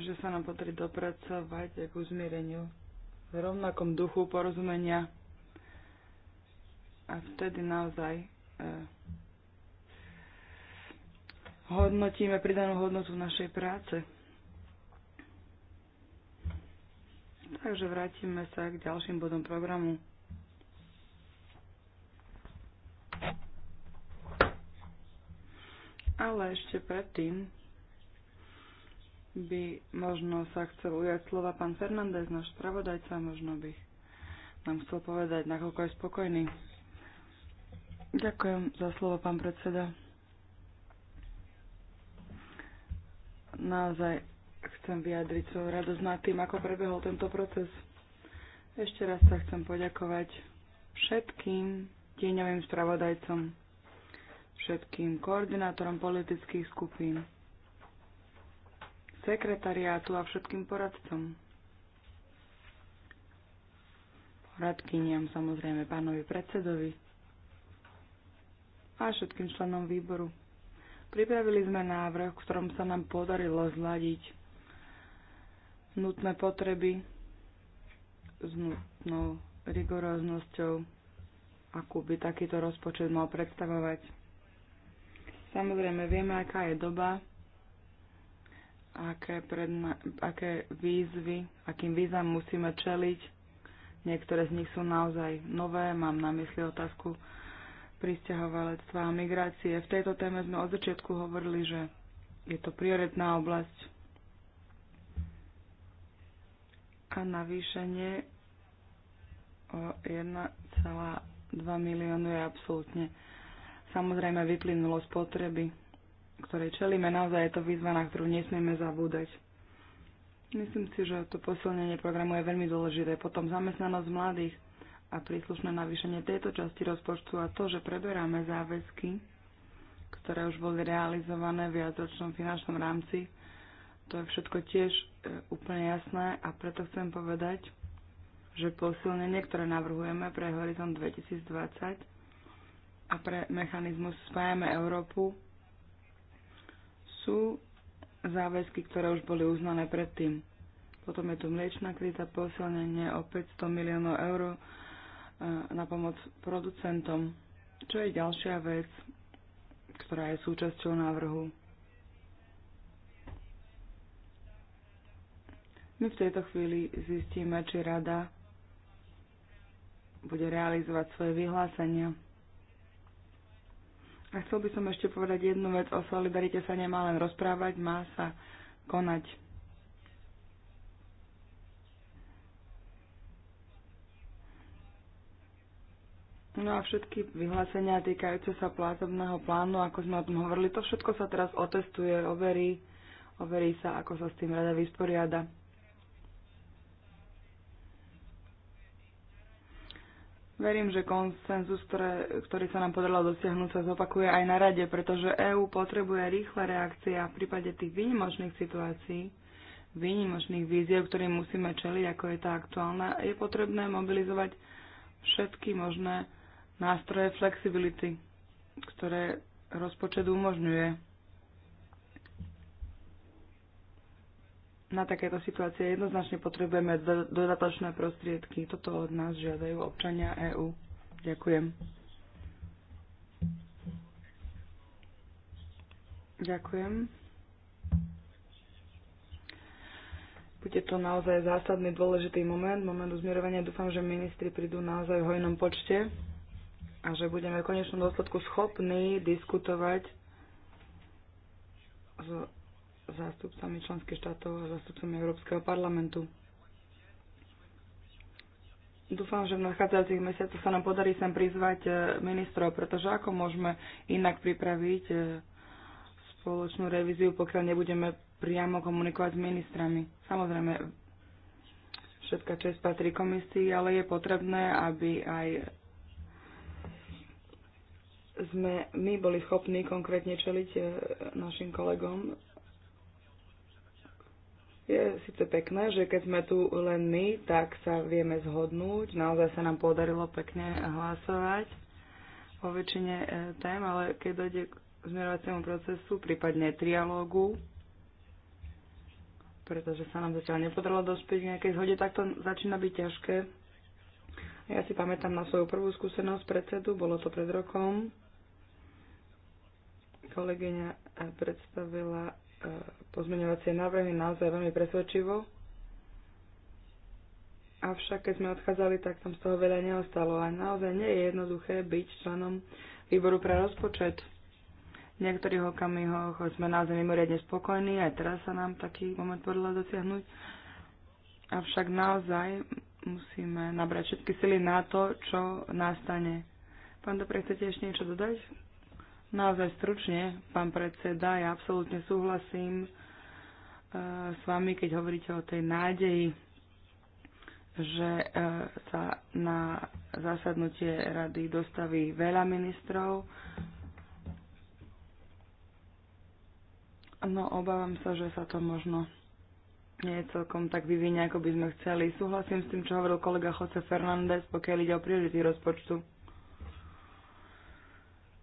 že sa nám potrí dopracovať k uzmiereniu v rovnakom duchu porozumenia a vtedy naozaj eh, hodnotíme pridanú hodnotu našej práce. Takže vrátime sa k ďalším bodom programu. Ale ešte predtým by možno sa chcel ujať slova pán Fernández, náš spravodajca, možno by nám chcel povedať, nakoľko je spokojný. Ďakujem za slovo, pán predseda. Naozaj chcem vyjadriť svoju radosť nad tým, ako prebehol tento proces. Ešte raz sa chcem poďakovať všetkým tieňovým spravodajcom, všetkým koordinátorom politických skupín, sekretariátu a všetkým poradcom. Poradkyniam samozrejme pánovi predsedovi a všetkým členom výboru. Pripravili sme návrh, v ktorom sa nám podarilo zladiť nutné potreby s nutnou rigoróznosťou, akú by takýto rozpočet mal predstavovať. Samozrejme, vieme, aká je doba, aké, predna- aké výzvy, akým výzvam musíme čeliť. Niektoré z nich sú naozaj nové, mám na mysli otázku pristahovalectva a migrácie. V tejto téme sme od začiatku hovorili, že je to prioritná oblasť a navýšenie o 1,2 miliónu je absolútne samozrejme vyplynulo z potreby, ktorej čelíme. Naozaj je to výzva, na ktorú nesmieme zabúdať. Myslím si, že to posilnenie programu je veľmi dôležité. Potom zamestnanosť mladých a príslušné navýšenie tejto časti rozpočtu a to, že preberáme záväzky, ktoré už boli realizované v viacročnom finančnom rámci, to je všetko tiež e, úplne jasné a preto chcem povedať, že posilnenie, ktoré navrhujeme pre Horizont 2020 a pre mechanizmus Spájame Európu, sú záväzky, ktoré už boli uznané predtým. Potom je tu mliečná kríza, posilnenie o 500 miliónov eur e, na pomoc producentom, čo je ďalšia vec, ktorá je súčasťou návrhu. My v tejto chvíli zistíme, či rada bude realizovať svoje vyhlásenia. A chcel by som ešte povedať jednu vec. O solidarite sa nemá len rozprávať, má sa konať. No a všetky vyhlásenia týkajúce sa plátobného plánu, ako sme o tom hovorili, to všetko sa teraz otestuje, overí, overí sa, ako sa s tým rada vysporiada. Verím, že konsenzus, ktoré, ktorý sa nám podarilo dosiahnuť, sa zopakuje aj na rade, pretože EÚ potrebuje rýchle reakcie a v prípade tých výnimočných situácií, výnimočných víziev, ktorým musíme čeliť, ako je tá aktuálna, je potrebné mobilizovať všetky možné nástroje flexibility, ktoré rozpočet umožňuje. na takéto situácie jednoznačne potrebujeme dodatočné prostriedky. Toto od nás žiadajú občania EÚ. Ďakujem. Ďakujem. Bude to naozaj zásadný, dôležitý moment, moment uzmierovania. Dúfam, že ministri prídu naozaj v hojnom počte a že budeme v konečnom dôsledku schopní diskutovať zástupcami členských štátov a zástupcami Európskeho parlamentu. Dúfam, že v nachádzajúcich mesiacoch sa nám podarí sem prizvať e, ministrov, pretože ako môžeme inak pripraviť e, spoločnú revíziu, pokiaľ nebudeme priamo komunikovať s ministrami. Samozrejme, všetka čest patrí komisii, ale je potrebné, aby aj sme my boli schopní konkrétne čeliť e, našim kolegom je síce pekné, že keď sme tu len my, tak sa vieme zhodnúť. Naozaj sa nám podarilo pekne hlasovať o väčšine e, tém, ale keď dojde k zmierovaciemu procesu, prípadne trialógu, pretože sa nám zatiaľ nepodarilo dospieť v nejakej zhode, tak to začína byť ťažké. Ja si pamätám na svoju prvú skúsenosť predsedu, bolo to pred rokom. Kolegyňa e, predstavila pozmeňovacie návrhy naozaj veľmi presvedčivo. Avšak keď sme odchádzali, tak tam z toho veľa neostalo a naozaj nie je jednoduché byť členom výboru pre rozpočet. V niektorých okamihoch sme naozaj mimoriadne spokojní, aj teraz sa nám taký moment podľa dosiahnuť. Avšak naozaj musíme nabrať všetky sily na to, čo nastane. Pán Dobre, chcete ešte niečo dodať? Naozaj stručne, pán predseda, ja absolútne súhlasím e, s vami, keď hovoríte o tej nádeji, že e, sa na zasadnutie rady dostaví veľa ministrov. No, obávam sa, že sa to možno nie je celkom tak vyvinie, ako by sme chceli. Súhlasím s tým, čo hovoril kolega Jose Fernández, pokiaľ ide o priority rozpočtu.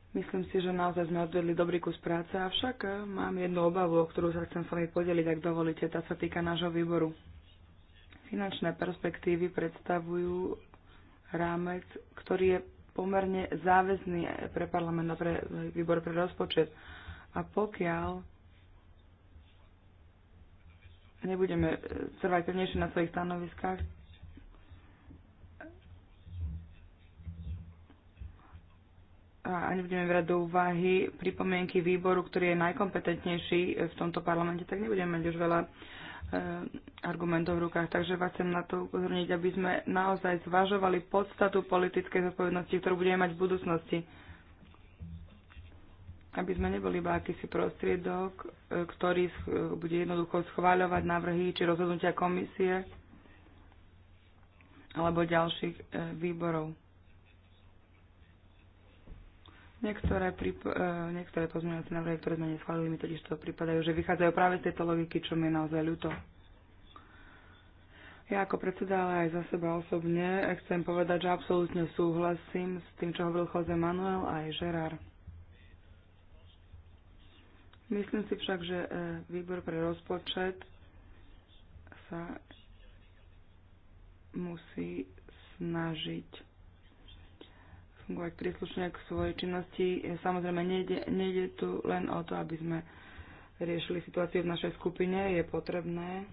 Myslím si, že naozaj sme odvedli dobrý kus práce, avšak e, mám jednu obavu, o ktorú sa chcem s vami podeliť, ak dovolíte, tá sa týka nášho výboru. Finančné perspektívy predstavujú rámec, ktorý je pomerne záväzný pre parlament a pre výbor pre rozpočet. A pokiaľ nebudeme e, trvať pevnejšie na svojich stanoviskách, a nebudeme brať do úvahy pripomienky výboru, ktorý je najkompetentnejší v tomto parlamente, tak nebudeme mať už veľa e, argumentov v rukách. Takže vás chcem na to upozorniť, aby sme naozaj zvažovali podstatu politickej zodpovednosti, ktorú budeme mať v budúcnosti. Aby sme neboli iba akýsi prostriedok, e, ktorý e, bude jednoducho schváľovať návrhy či rozhodnutia komisie alebo ďalších výborov. Niektoré, prip- e, niektoré pozmeňovacie návrhy, ktoré sme neschválili, mi totiž to pripadajú, že vychádzajú práve z tejto logiky, čo mi je naozaj ľúto. Ja ako predseda, ale aj za seba osobne chcem povedať, že absolútne súhlasím s tým, čo hovoril Jose Manuel a aj Gerard. Myslím si však, že e, výbor pre rozpočet sa musí snažiť fungovať príslušne k svojej činnosti. E, Samozrejme, nejde, nejde tu len o to, aby sme riešili situáciu v našej skupine. Je potrebné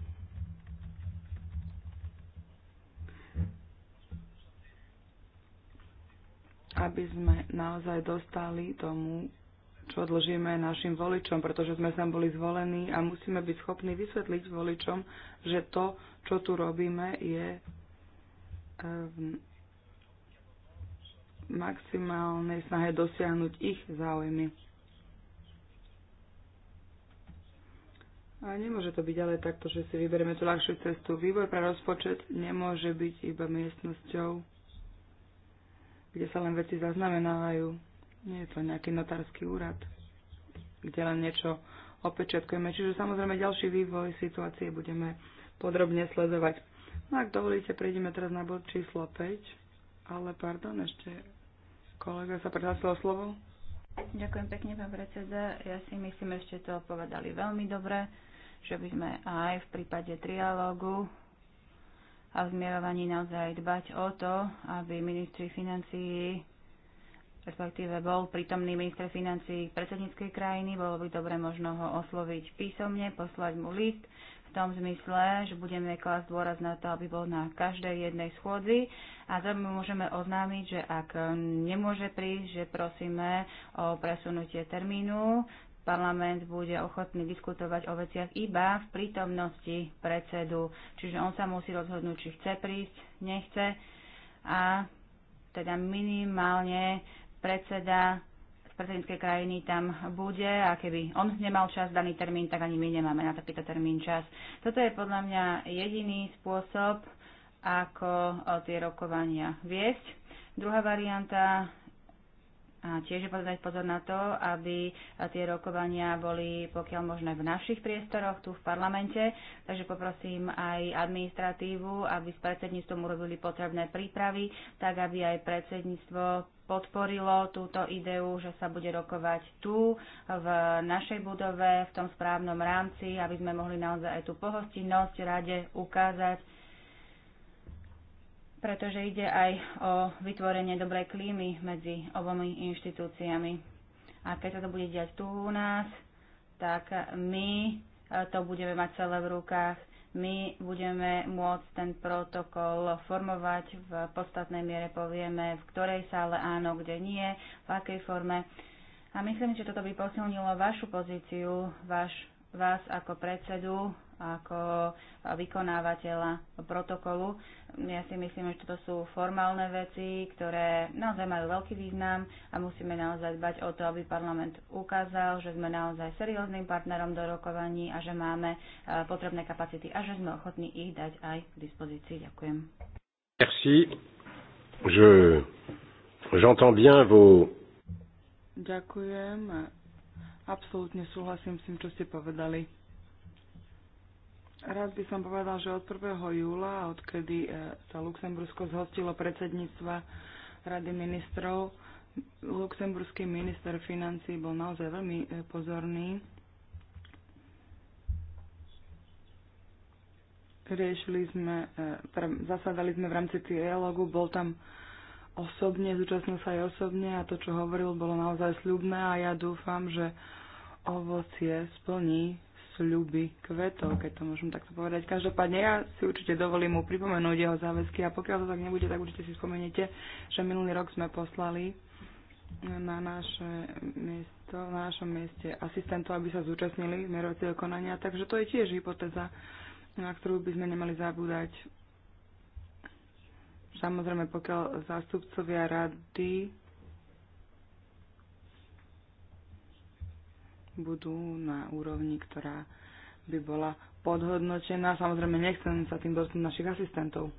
aby sme naozaj dostali tomu, čo dlžíme našim voličom, pretože sme sa boli zvolení a musíme byť schopní vysvetliť voličom, že to, čo tu robíme, je ehm, maximálnej snahe dosiahnuť ich záujmy. A nemôže to byť ďalej takto, že si vyberieme tú ľahšiu cestu. Výbor pre rozpočet nemôže byť iba miestnosťou, kde sa len veci zaznamenávajú. Nie je to nejaký notársky úrad, kde len niečo opečiatkujeme. Čiže samozrejme ďalší vývoj situácie budeme podrobne sledovať. No ak dovolíte, prejdeme teraz na bod číslo 5. Ale pardon, ešte Kolega sa prihlásil o slovo. Ďakujem pekne, pán predseda. Ja si myslím, ešte to povedali veľmi dobre, že by sme aj v prípade trialógu a v zmierovaní naozaj dbať o to, aby ministri financií, respektíve bol prítomný minister financií predsedníckej krajiny, bolo by dobre možno ho osloviť písomne, poslať mu list, tom zmysle, že budeme klásť dôraz na to, aby bol na každej jednej schôdzi a zároveň môžeme oznámiť, že ak nemôže prísť, že prosíme o presunutie termínu, parlament bude ochotný diskutovať o veciach iba v prítomnosti predsedu. Čiže on sa musí rozhodnúť, či chce prísť, nechce a teda minimálne predseda prezidentskej krajiny tam bude a keby on nemal čas daný termín, tak ani my nemáme na takýto termín čas. Toto je podľa mňa jediný spôsob, ako e, tie rokovania viesť. Druhá varianta a tiež je podať pozor na to, aby e, tie rokovania boli pokiaľ možné v našich priestoroch tu v parlamente. Takže poprosím aj administratívu, aby s predsedníctvom urobili potrebné prípravy, tak aby aj predsedníctvo podporilo túto ideu, že sa bude rokovať tu, v našej budove, v tom správnom rámci, aby sme mohli naozaj aj tú pohostinnosť rade ukázať, pretože ide aj o vytvorenie dobrej klímy medzi obomi inštitúciami. A keď sa to bude diať tu u nás, tak my e, to budeme mať celé v rukách my budeme môcť ten protokol formovať, v podstatnej miere povieme, v ktorej sále áno, kde nie, v akej forme. A myslím, že toto by posilnilo vašu pozíciu, vaš, vás ako predsedu ako vykonávateľa protokolu. Ja si myslím, že toto sú formálne veci, ktoré naozaj majú veľký význam a musíme naozaj dbať o to, aby parlament ukázal, že sme naozaj serióznym partnerom do rokovaní a že máme e, potrebné kapacity a že sme ochotní ich dať aj k dispozícii. Ďakujem. Merci. Je, j'entends bien vos... Ďakujem. Absolútne súhlasím s tým, čo ste povedali. Rád by som povedal, že od 1. júla, odkedy e, sa Luxembursko zhostilo predsedníctva Rady ministrov, luxemburský minister financí bol naozaj veľmi e, pozorný. Riešili sme, e, zasadali sme v rámci dialogu, bol tam osobne, zúčastnil sa aj osobne a to, čo hovoril, bolo naozaj sľubné a ja dúfam, že ovocie splní sľuby kvetov, keď to môžem takto povedať. Každopádne ja si určite dovolím mu pripomenúť jeho záväzky a pokiaľ to tak nebude, tak určite si spomeniete, že minulý rok sme poslali na naše miesto, na našom mieste asistentov, aby sa zúčastnili merovacieho konania. Takže to je tiež hypotéza, na ktorú by sme nemali zabúdať. Samozrejme, pokiaľ zástupcovia rady budú na úrovni, ktorá by bola podhodnotená. Samozrejme, nechcem sa tým dotknúť našich asistentov.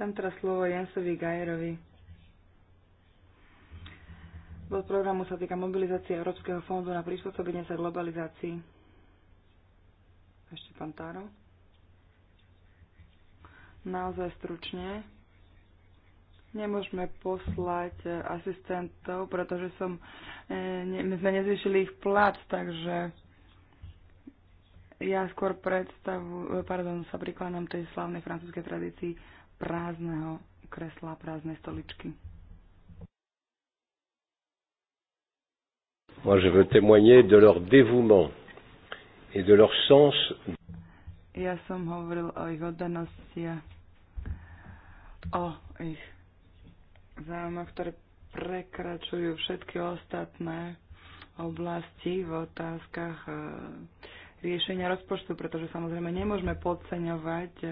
Tam teraz slovo Jensovi Gajerovi. Bod programu sa týka mobilizácie Európskeho fondu na prispôsobenie sa globalizácii. Ešte pán Tárov. Naozaj stručne. Nemôžeme poslať e, asistentov, pretože som, e, ne, my sme nezvyšili ich plat, takže ja skôr predstavu, e, pardon, sa prikladám tej slavnej francúzskej tradícii prázdneho kresla, prázdnej stoličky. Moi, je veux témoigner de leur dévouement et de leur sens ja som hovoril o ich oddanosti a o ich záujmoch, ktoré prekračujú všetky ostatné oblasti v otázkach e, riešenia rozpočtu, pretože samozrejme nemôžeme podceňovať e,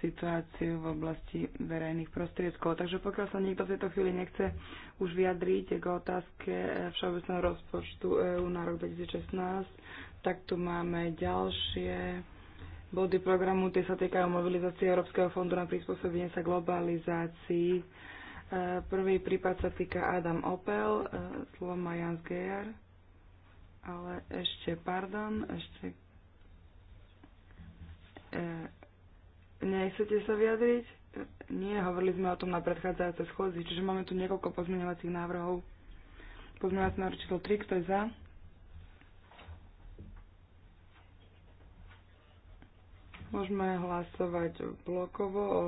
situáciu v oblasti verejných prostriedkov. Takže pokiaľ sa nikto v tejto chvíli nechce už vyjadriť k otázke všeobecného rozpočtu EÚ na rok 2016, tak tu máme ďalšie body programu, tie sa týkajú mobilizácie Európskeho fondu na prispôsobenie sa globalizácii. E, prvý prípad sa týka Adam Opel, slovo e, má Jans Gejar, ale ešte, pardon, ešte... E, nechcete sa vyjadriť? Nie, hovorili sme o tom na predchádzajúcej schôzi, čiže máme tu niekoľko pozmeňovacích návrhov. Pozmeňovací návrh číslo 3, kto je za? Môžeme hlasovať blokovo o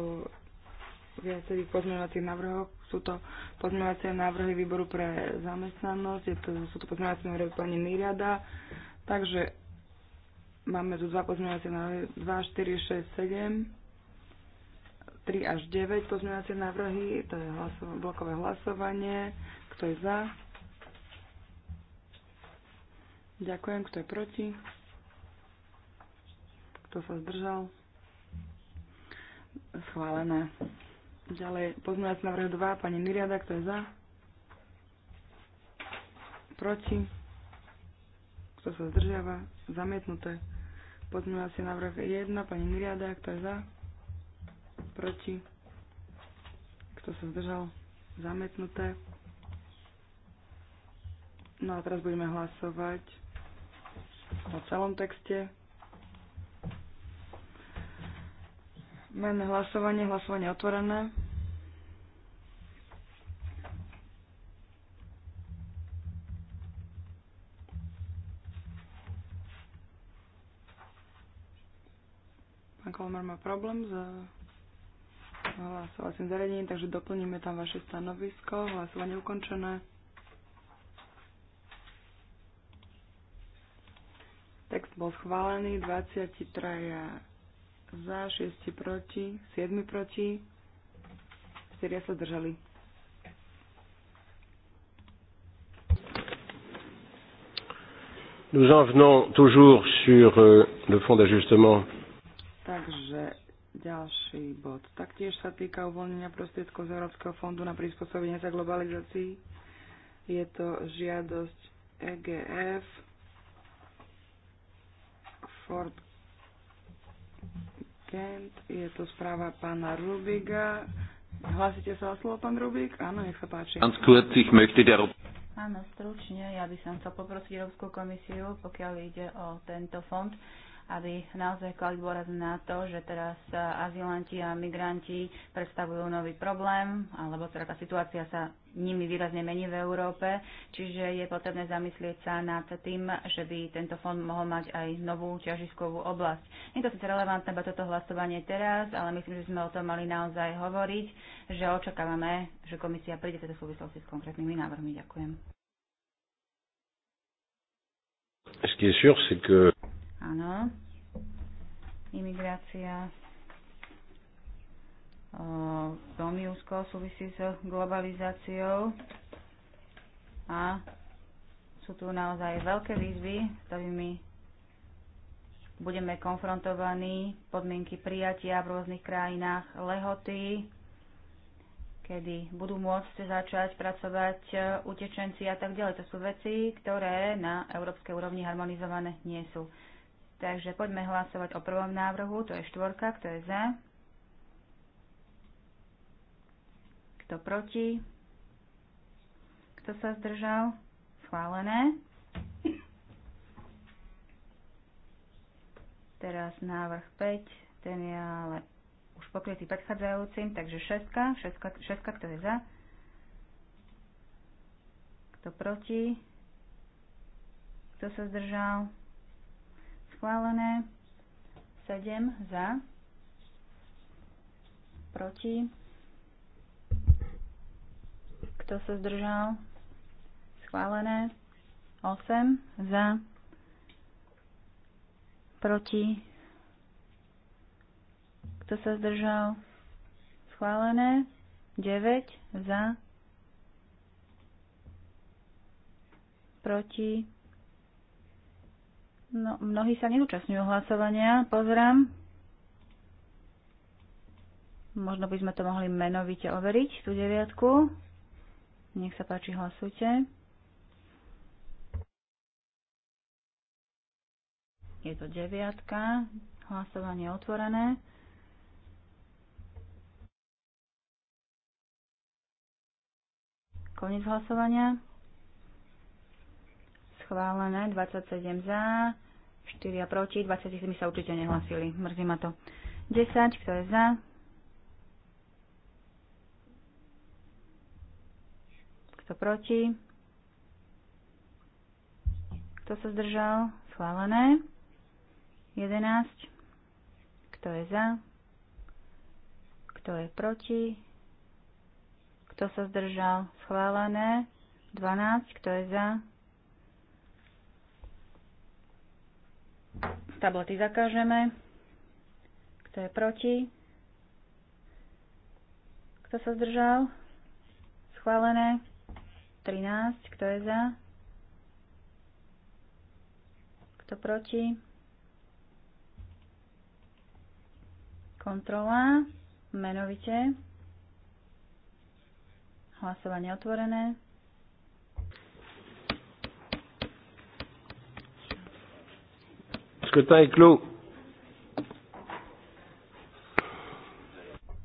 viacerých pozmeňovacích návrhoch. Sú to pozmeňovacie návrhy výboru pre zamestnanosť, je to, sú to pozmeňovacie návrhy pani Miriada. Takže máme tu dva pozmeňovacie návrhy 2, 4, 6, 7, 3 až 9 pozmeňovacie návrhy, to je hlasov- blokové hlasovanie. Kto je za? Ďakujem, kto je proti? Kto sa zdržal? Schválené. Ďalej pozmeňovací návrh 2, pani Miriada, kto je za? Proti? Kto sa zdržiava? Zamietnuté. Pozmeňovací návrh 1, pani Miriada, kto je za? Proti? Kto sa zdržal? Zamietnuté. No a teraz budeme hlasovať o celom texte. Máme hlasovanie, hlasovanie otvorené. Pán Kolmar má problém s hlasovacím zariadením, takže doplníme tam vaše stanovisko. Hlasovanie ukončené. Text bol schválený, 23 za, 6 proti, 7 proti, 4 sa držali. Nous en venons toujours sur euh, le fonds d'ajustement. Takže ďalší bod. Taktiež sa týka uvoľnenia prostriedkov z Európskeho fondu na prispôsobenie sa globalizácii. Je to žiadosť EGF Ford Kent. Je to správa pána Rubiga. Hlasíte sa o slovo, pán Rubik? Áno, nech sa páči. Áno, stručne. Ja by som chcel poprosiť Európsku komisiu, pokiaľ ide o tento fond, aby naozaj kladli dôraz na to, že teraz azylanti a migranti predstavujú nový problém, alebo teda tá situácia sa nimi výrazne mení v Európe, čiže je potrebné zamyslieť sa nad tým, že by tento fond mohol mať aj novú ťažiskovú oblasť. Nie je to síce relevantné pre toto hlasovanie teraz, ale myslím, že sme o tom mali naozaj hovoriť, že očakávame, že komisia príde v tejto súvislosti s konkrétnymi návrhmi. Ďakujem. Ce qui est sûr, c'est que Áno. Imigrácia veľmi úzko súvisí s globalizáciou a sú tu naozaj veľké výzvy, s ktorými budeme konfrontovaní, podmienky prijatia v rôznych krajinách, lehoty, kedy budú môcť začať pracovať utečenci a tak ďalej. To sú veci, ktoré na európskej úrovni harmonizované nie sú. Takže poďme hlasovať o prvom návrhu, to je štvorka, kto je za, kto proti, kto sa zdržal, schválené. Teraz návrh 5, ten je ale už pokrytý predchádzajúcim, takže 6, 6, 6 kto je za, kto proti, kto sa zdržal, schválené. 7 za, proti. Kto sa zdržal? Schválené. 8 za, proti. Kto sa zdržal? Schválené. 9 za, proti No, mnohí sa neúčastňujú hlasovania, pozrám. Možno by sme to mohli menovite overiť, tú deviatku. Nech sa páči, hlasujte. Je to deviatka, hlasovanie otvorené. Koniec hlasovania. Schválené 27 za, 4 proti, 27 sa určite nehlasili. Mrzí ma to. 10, kto je za? 100 proti? Kto sa zdržal? Schválené. 11. Kto je za? Kto je proti? Kto sa zdržal? Schválené. 12. Kto je za? tablety zakážeme. Kto je proti? Kto sa zdržal? Schválené. 13. Kto je za? Kto proti? Kontrola. Menovite. Hlasovanie otvorené. scrutin est clos.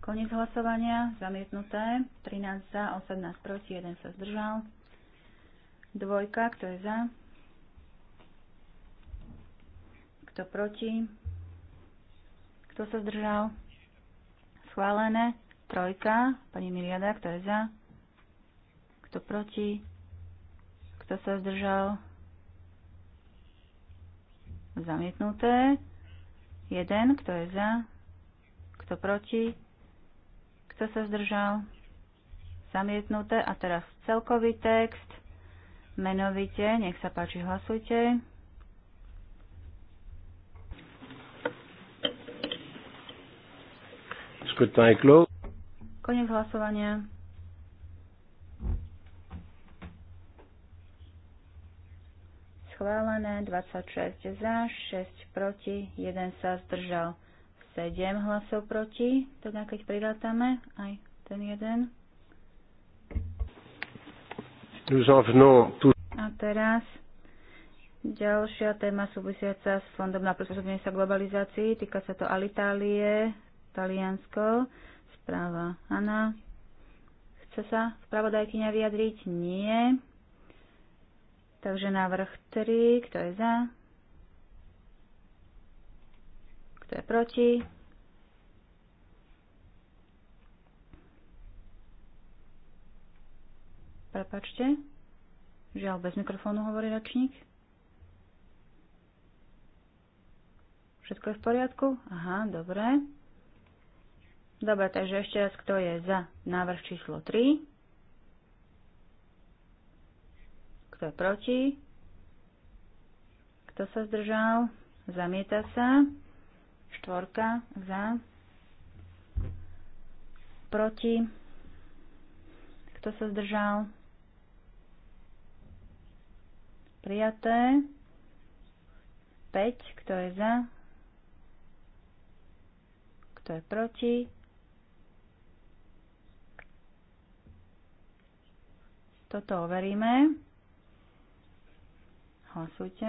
Koniec hlasovania, zamietnuté. 13 za, 18 proti, 1 sa zdržal. Dvojka, kto je za? Kto proti? Kto sa zdržal? Schválené. Trojka, pani Miriada, kto je za? Kto proti? Kto sa zdržal? zamietnuté. 1, kto je za, kto proti, kto sa zdržal, zamietnuté. A teraz celkový text, menovite, nech sa páči, hlasujte. Konec hlasovania. schválené, 26 za, 6 proti, 1 sa zdržal, 7 hlasov proti, teda keď prilátame aj ten jeden. A teraz ďalšia téma súvisiaca s Fondom na prispôsobenie sa globalizácii, týka sa to Alitálie, Taliansko, správa Ana. Chce sa spravodajkyňa vyjadriť? Nie. Takže návrh 3, kto je za? Kto je proti? Prepačte. Žiaľ, bez mikrofónu hovorí ročník. Všetko je v poriadku? Aha, dobre. Dobre, takže ešte raz, kto je za návrh číslo 3? Kto je proti? Kto sa zdržal? Zamieta sa. Štvorka za. Proti. Kto sa zdržal? Prijaté. 5. Kto je za? Kto je proti? Toto overíme. Hlasujte.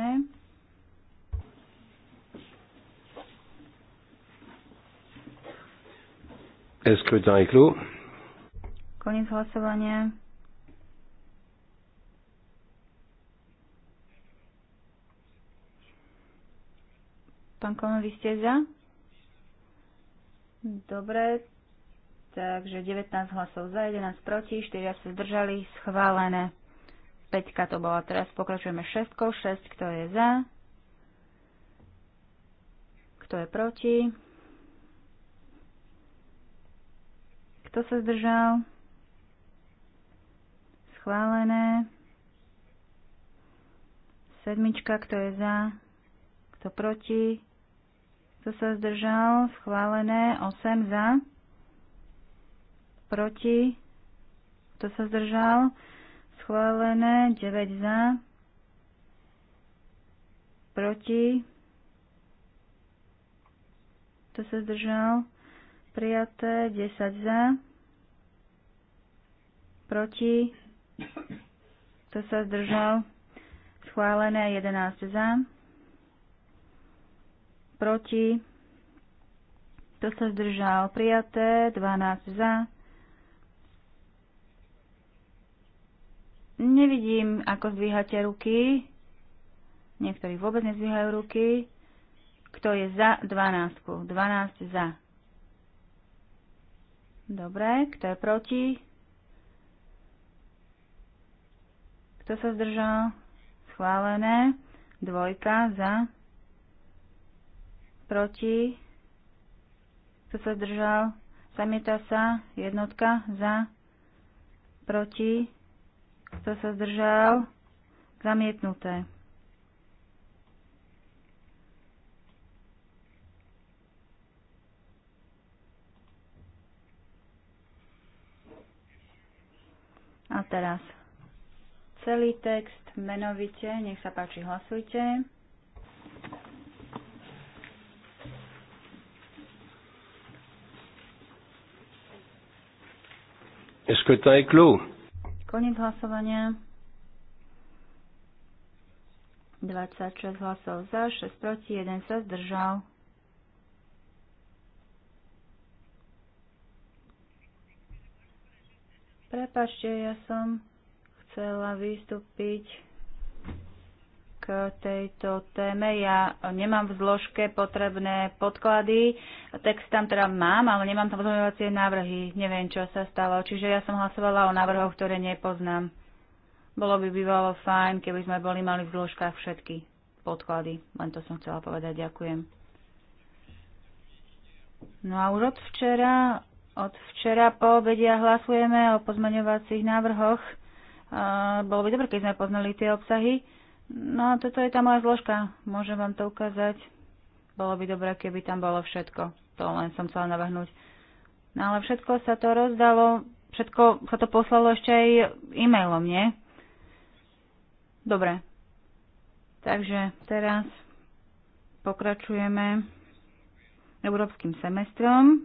Koniec hlasovania. Pán Kono, vy ste za? Dobre, takže 19 hlasov za, 11 proti, 4 sa zdržali, schválené. 5 to bola teraz, pokračujeme 6, 6 kto je za, kto je proti, kto sa zdržal, schválené, sedmička, kto je za, kto proti, kto sa zdržal, schválené, 8 za, proti, kto sa zdržal, schválené, 9 za, proti, to sa zdržal, prijaté, 10 za, proti, to sa zdržal, schválené, 11 za, proti, to sa zdržal, prijaté, 12 za, Nevidím, ako zdvíhate ruky. Niektorí vôbec nezdvíhajú ruky. Kto je za 12? 12 za. Dobre, kto je proti? Kto sa zdržal? Schválené. Dvojka za. Proti. Kto sa zdržal? Zamieta sa. Jednotka za. Proti kto sa zdržal? Zamietnuté. A teraz celý text menovite, nech sa páči, hlasujte. Est-ce que tu as éclos? Koniec hlasovania. 26 hlasov za, 6 proti, 1 sa zdržal. Prepačte, ja som chcela vystúpiť k tejto téme. Ja nemám v zložke potrebné podklady. Text tam teda mám, ale nemám tam pozmeňovacie návrhy. Neviem, čo sa stalo. Čiže ja som hlasovala o návrhoch, ktoré nepoznám. Bolo by bývalo fajn, keby sme boli mali v zložkách všetky podklady. Len to som chcela povedať. Ďakujem. No a už od včera, od včera po obedia hlasujeme o pozmeňovacích návrhoch. bolo by dobre, keď sme poznali tie obsahy. No, toto je tá moja zložka. Môžem vám to ukázať. Bolo by dobré, keby tam bolo všetko. To len som chcela navrhnúť. No ale všetko sa to rozdalo, všetko sa to poslalo ešte aj e-mailom, nie? Dobre. Takže teraz pokračujeme európskym semestrom.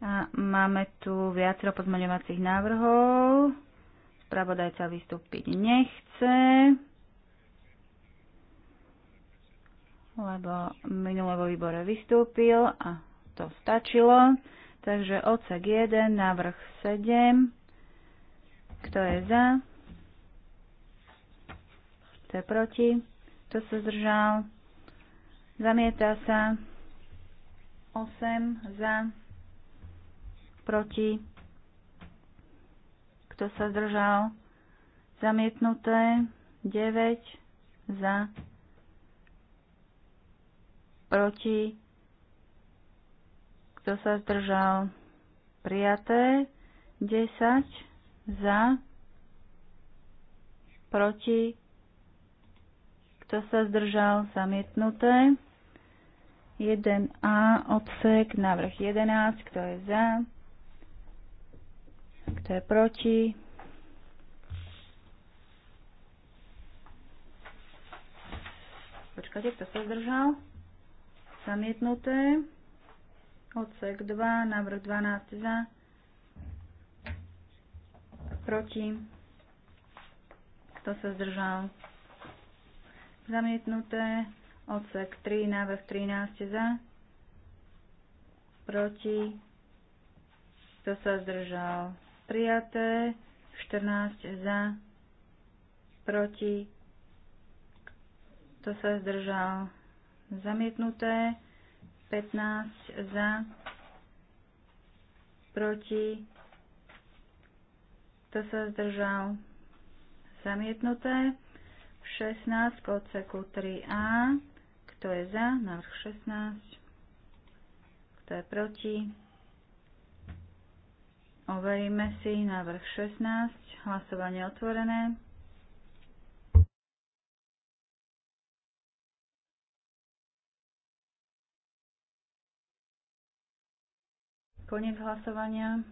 A máme tu viacero pozmeňovacích návrhov. Spravodajca vystúpiť nechce, lebo minulé vo výbore vystúpil a to stačilo. Takže odsek 1, návrh 7. Kto je za? Kto je proti? Kto sa zdržal? Zamieta sa. 8 za. Proti kto sa zdržal? Zamietnuté. 9 za. Proti. Kto sa zdržal? Prijaté. 10 za. Proti. Kto sa zdržal? Zamietnuté. 1A odsek, návrh 11, kto je za, kto je proti? Počkajte, kto sa zdržal? Zamietnuté. Odsek 2, návrh 12 za. Proti. Kto sa zdržal? Zamietnuté. Odsek 3, návrh 13 za. Proti. Kto sa zdržal? prijaté, 14 za, proti, kto sa zdržal, zamietnuté, 15 za, proti, kto sa zdržal, zamietnuté, 16 k odseku 3a, kto je za, návrh 16, kto je proti, Overíme si návrh 16, hlasovanie otvorené. Koniec hlasovania.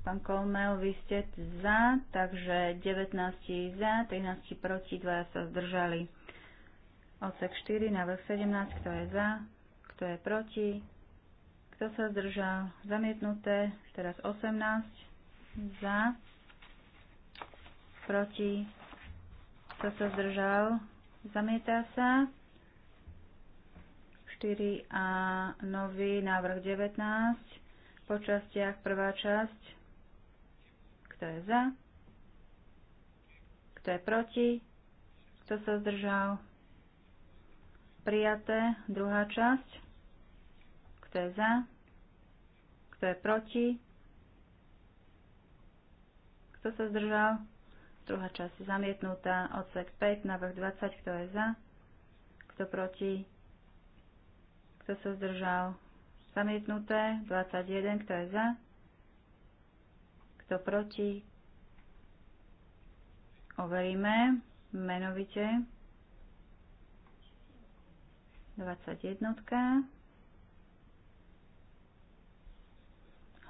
Pán Kolmel, vy ste za, takže 19 za, 13 proti, 2 sa zdržali. Odsek 4, návrh 17, kto je za? kto je proti, kto sa zdržal, zamietnuté, teraz 18, za, proti, kto sa zdržal, zamietá sa, 4 a nový návrh 19, po častiach prvá časť, kto je za, kto je proti, kto sa zdržal, prijaté, druhá časť, kto je za? Kto je proti? Kto sa zdržal? Druhá časť zamietnutá. Odsek 5, návrh 20. Kto je za? Kto proti? Kto sa zdržal? Zamietnuté. 21. Kto je za? Kto proti? Overíme menovite. 21.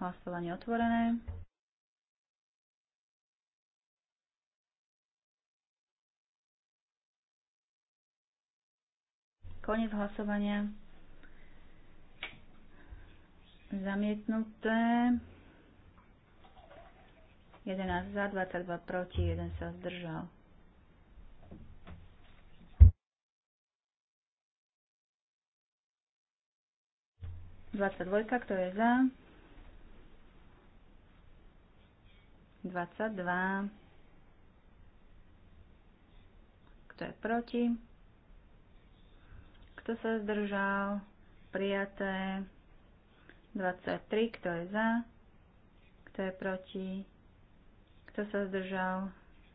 Hlasovanie otvorené. Koniec hlasovania. Zamietnuté. 11 za, 22 proti, 1 sa zdržal. Dvadsať dvojka, kto je za? 22. Kto je proti? Kto sa zdržal? Prijaté. 23. Kto je za? Kto je proti? Kto sa zdržal?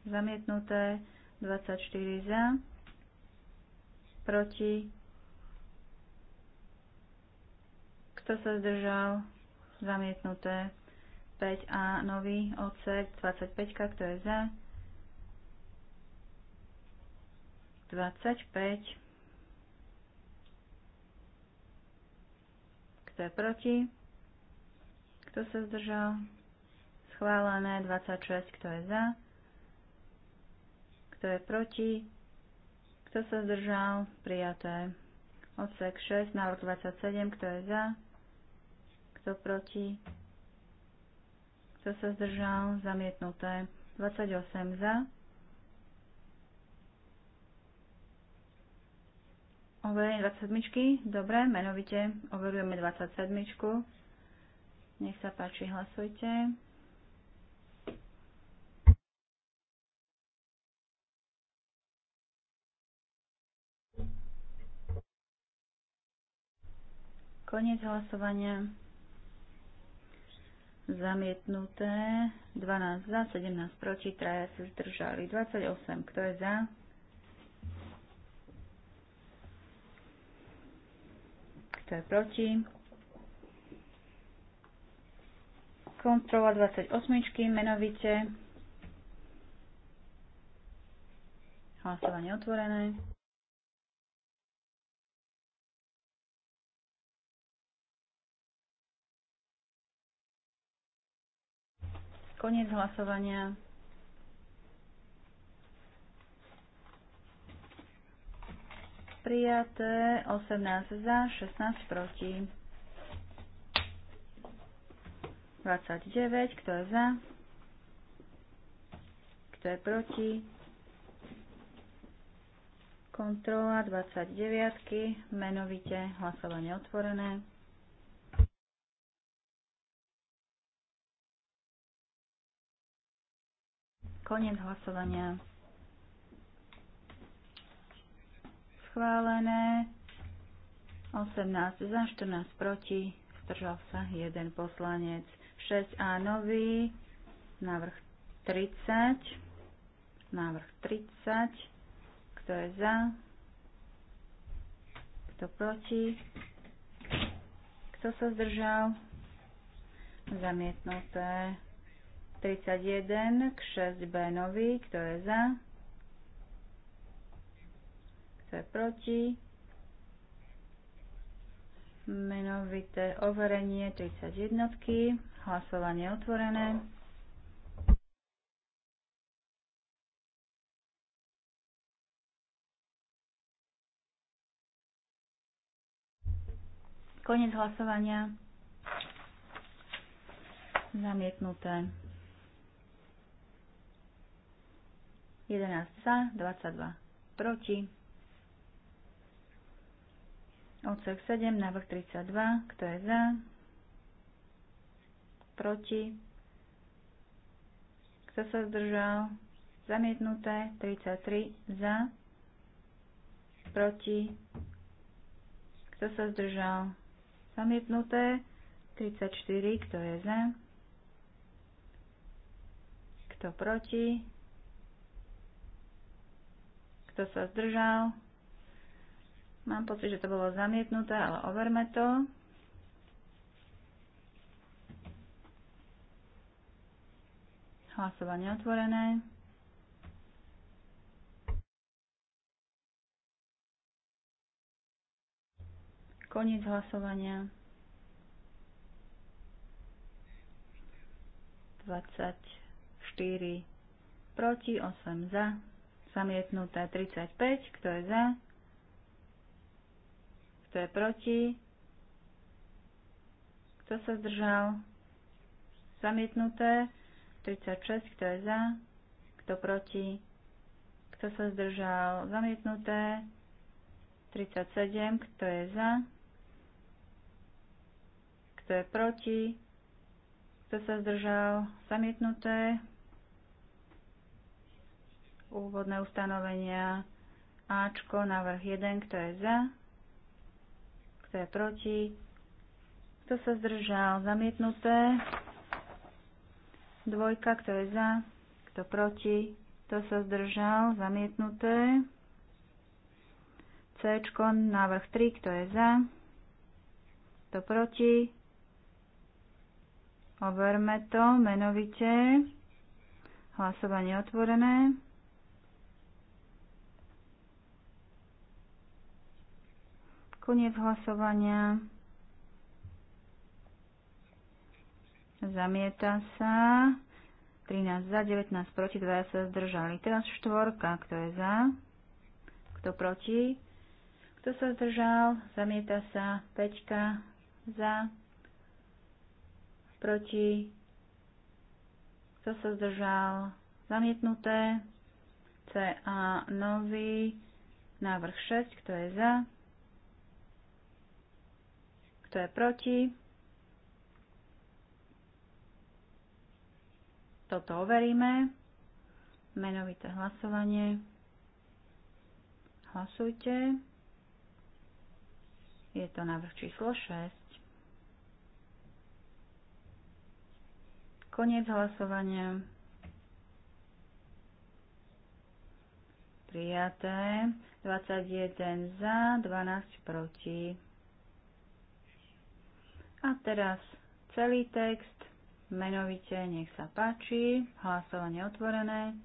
Zamietnuté. 24 za. Proti. Kto sa zdržal? Zamietnuté. 5a nový odsek 25, kto je za? 25. Kto je proti? Kto sa zdržal? Schválené 26, kto je za? Kto je proti? Kto sa zdržal? Prijaté. Odsek 6, návrh 27, kto je za? Kto proti? Kto sa zdržal? Zamietnuté. 28 za. Overenie 27. Dobre, menovite overujeme 27. Nech sa páči, hlasujte. Koniec hlasovania. Zamietnuté. 12 za, 17 proti, traja sa zdržali. 28. Kto je za? Kto je proti? Kontrola 28. menovite. Hlasovanie otvorené. Koniec hlasovania. Prijaté 18 za, 16 proti. 29, kto je za? Kto je proti? Kontrola 29, menovite hlasovanie otvorené. Koniec hlasovania. Schválené. 18 za, 14 proti. Zdržal sa jeden poslanec. 6A nový. Návrh 30. Návrh 30. Kto je za? Kto proti? Kto sa zdržal? Zamietnuté. 31 k 6b nový, kto je za, kto je proti, menovité overenie 31, hlasovanie otvorené. Konec hlasovania. Zamietnuté. 11 za, 22 proti. Odsek 7, návrh 32, kto je za, proti, kto sa zdržal, zamietnuté, 33 za, proti, kto sa zdržal, zamietnuté, 34, kto je za, kto proti, kto sa zdržal? Mám pocit, že to bolo zamietnuté, ale overme to. Hlasovanie otvorené. Koniec hlasovania. 24 proti, 8 za zamietnuté 35, kto je za, kto je proti, kto sa zdržal, zamietnuté 36, kto je za, kto proti, kto sa zdržal, zamietnuté 37, kto je za, kto je proti, kto sa zdržal, zamietnuté úvodné ustanovenia Ačko, návrh 1, kto je za, kto je proti, kto sa zdržal, zamietnuté, dvojka, kto je za, kto proti, kto sa zdržal, zamietnuté, Cčko návrh 3, kto je za, kto proti, overme to menovite, hlasovanie otvorené, Koniec hlasovania. Zamieta sa. 13 za, 19 proti, 2 sa zdržali. Teraz štvorka, kto je za, kto proti, kto sa zdržal, zamieta sa. Peťka za, proti, kto sa zdržal, zamietnuté. CA nový, návrh 6, kto je za, kto je proti. Toto overíme. Menovité hlasovanie. Hlasujte. Je to návrh číslo 6. Koniec hlasovania. Prijaté. 21 za, 12 proti. A teraz celý text, menovite, nech sa páči, hlasovanie otvorené.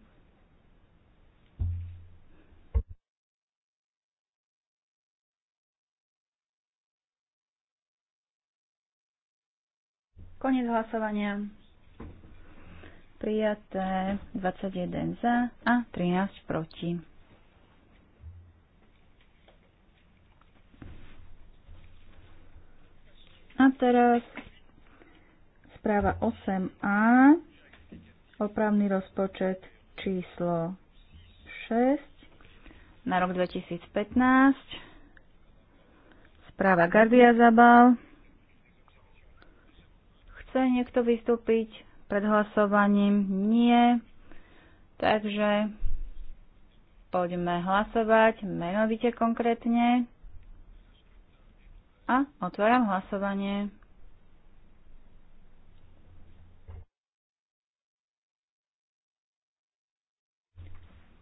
Konec hlasovania. Prijaté 21 za a 13 proti. A teraz správa 8a, opravný rozpočet číslo 6 na rok 2015, správa Gardia Zabal. Chce niekto vystúpiť pred hlasovaním? Nie. Takže poďme hlasovať menovite konkrétne. A otváram hlasovanie.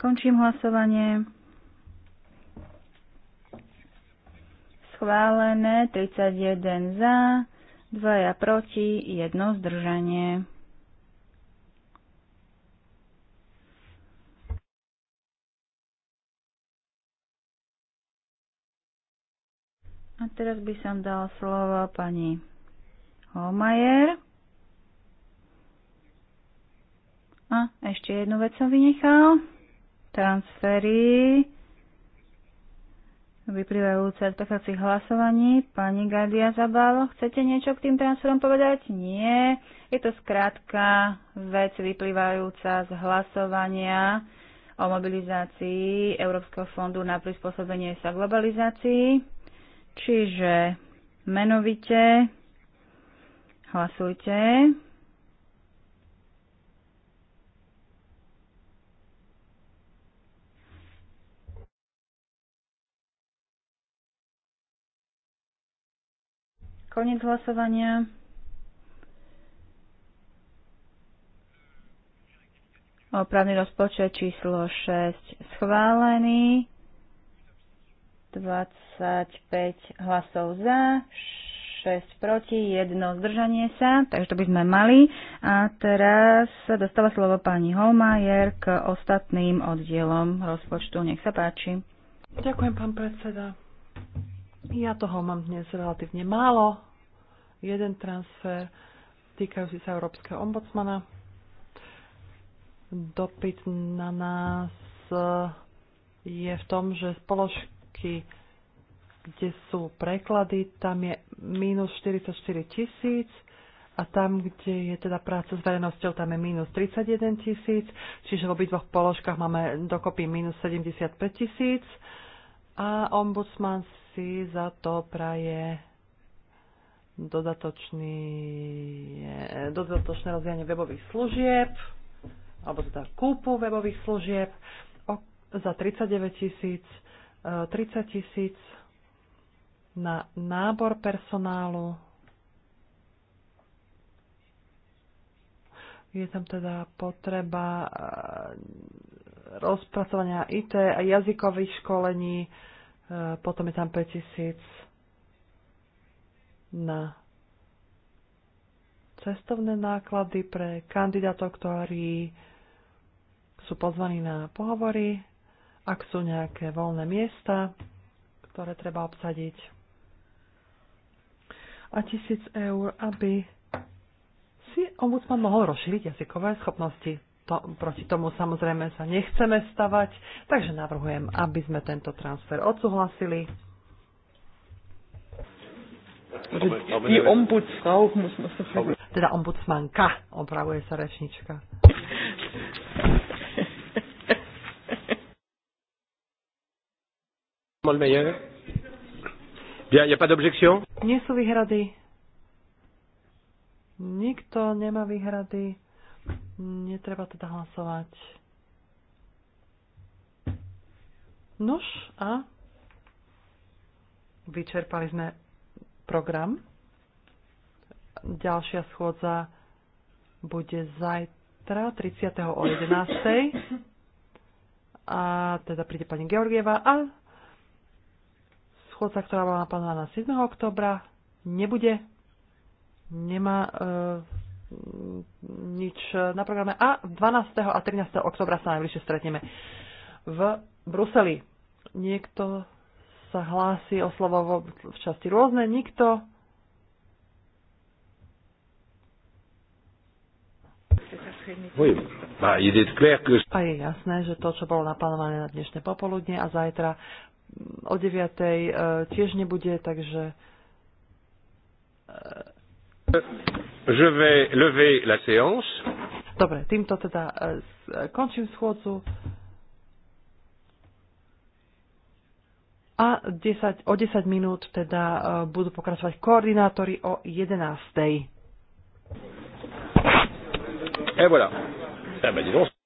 Končím hlasovanie. Schválené 31 za, 2 proti, 1 zdržanie. A teraz by som dal slovo pani Holmajer. A ešte jednu vec som vynechal. Transfery vyplývajúce z pechacích hlasovaní. Pani Gardia Zabal, chcete niečo k tým transferom povedať? Nie. Je to skrátka vec vyplývajúca z hlasovania o mobilizácii Európskeho fondu na prispôsobenie sa globalizácii Čiže menovite hlasujte. Koniec hlasovania. Opravný rozpočet číslo 6 schválený. 20 25 hlasov za, 6 proti, 1 zdržanie sa, takže to by sme mali. A teraz dostáva slovo pani Holmajer k ostatným oddielom rozpočtu. Nech sa páči. Ďakujem, pán predseda. Ja toho mám dnes relatívne málo. Jeden transfer týkajúci sa Európskeho ombudsmana. Dopyt na nás eh, je v tom, že spoločky kde sú preklady, tam je minus 44 tisíc a tam, kde je teda práca s verejnosťou, tam je minus 31 tisíc, čiže v obidvoch položkách máme dokopy minus 75 tisíc a ombudsman si za to praje dodatočný, dodatočné rozvíjanie webových služieb, alebo teda kúpu webových služieb za 39 tisíc, 30 eh, tisíc na nábor personálu. Je tam teda potreba e, rozpracovania IT a jazykových školení, e, potom je tam 5000 na cestovné náklady pre kandidátov, ktorí sú pozvaní na pohovory, ak sú nejaké voľné miesta, ktoré treba obsadiť a tisíc eur, aby si ombudsman mohol rozšíriť jazykové schopnosti. To, proti tomu samozrejme sa nechceme stavať, takže navrhujem, aby sme tento transfer odsúhlasili. Die Teda ombudsmanka, opravuje sa rečnička. Mal meilleur. Bien, il n'y a pas d'objection Nie sú výhrady. Nikto nemá výhrady. Netreba teda hlasovať. Nož a vyčerpali sme program. Ďalšia schôdza bude zajtra 30. o 11. A teda príde pani Georgieva a schôdza, ktorá bola naplánovaná 7. oktobra, nebude, nemá e, nič na programe a 12. a 13. oktobra sa najbližšie stretneme v Bruseli. Niekto sa hlási o slovo v časti rôzne, nikto. A je jasné, že to, čo bolo naplánované na dnešné popoludne a zajtra o 9. E, tiež nebude, takže... E, Je vais lever la séance. Dobre, týmto teda e, končím schôdzu. A 10, o 10 minút teda budú pokračovať koordinátori o 11. Et voilà. Ah ben dis donc.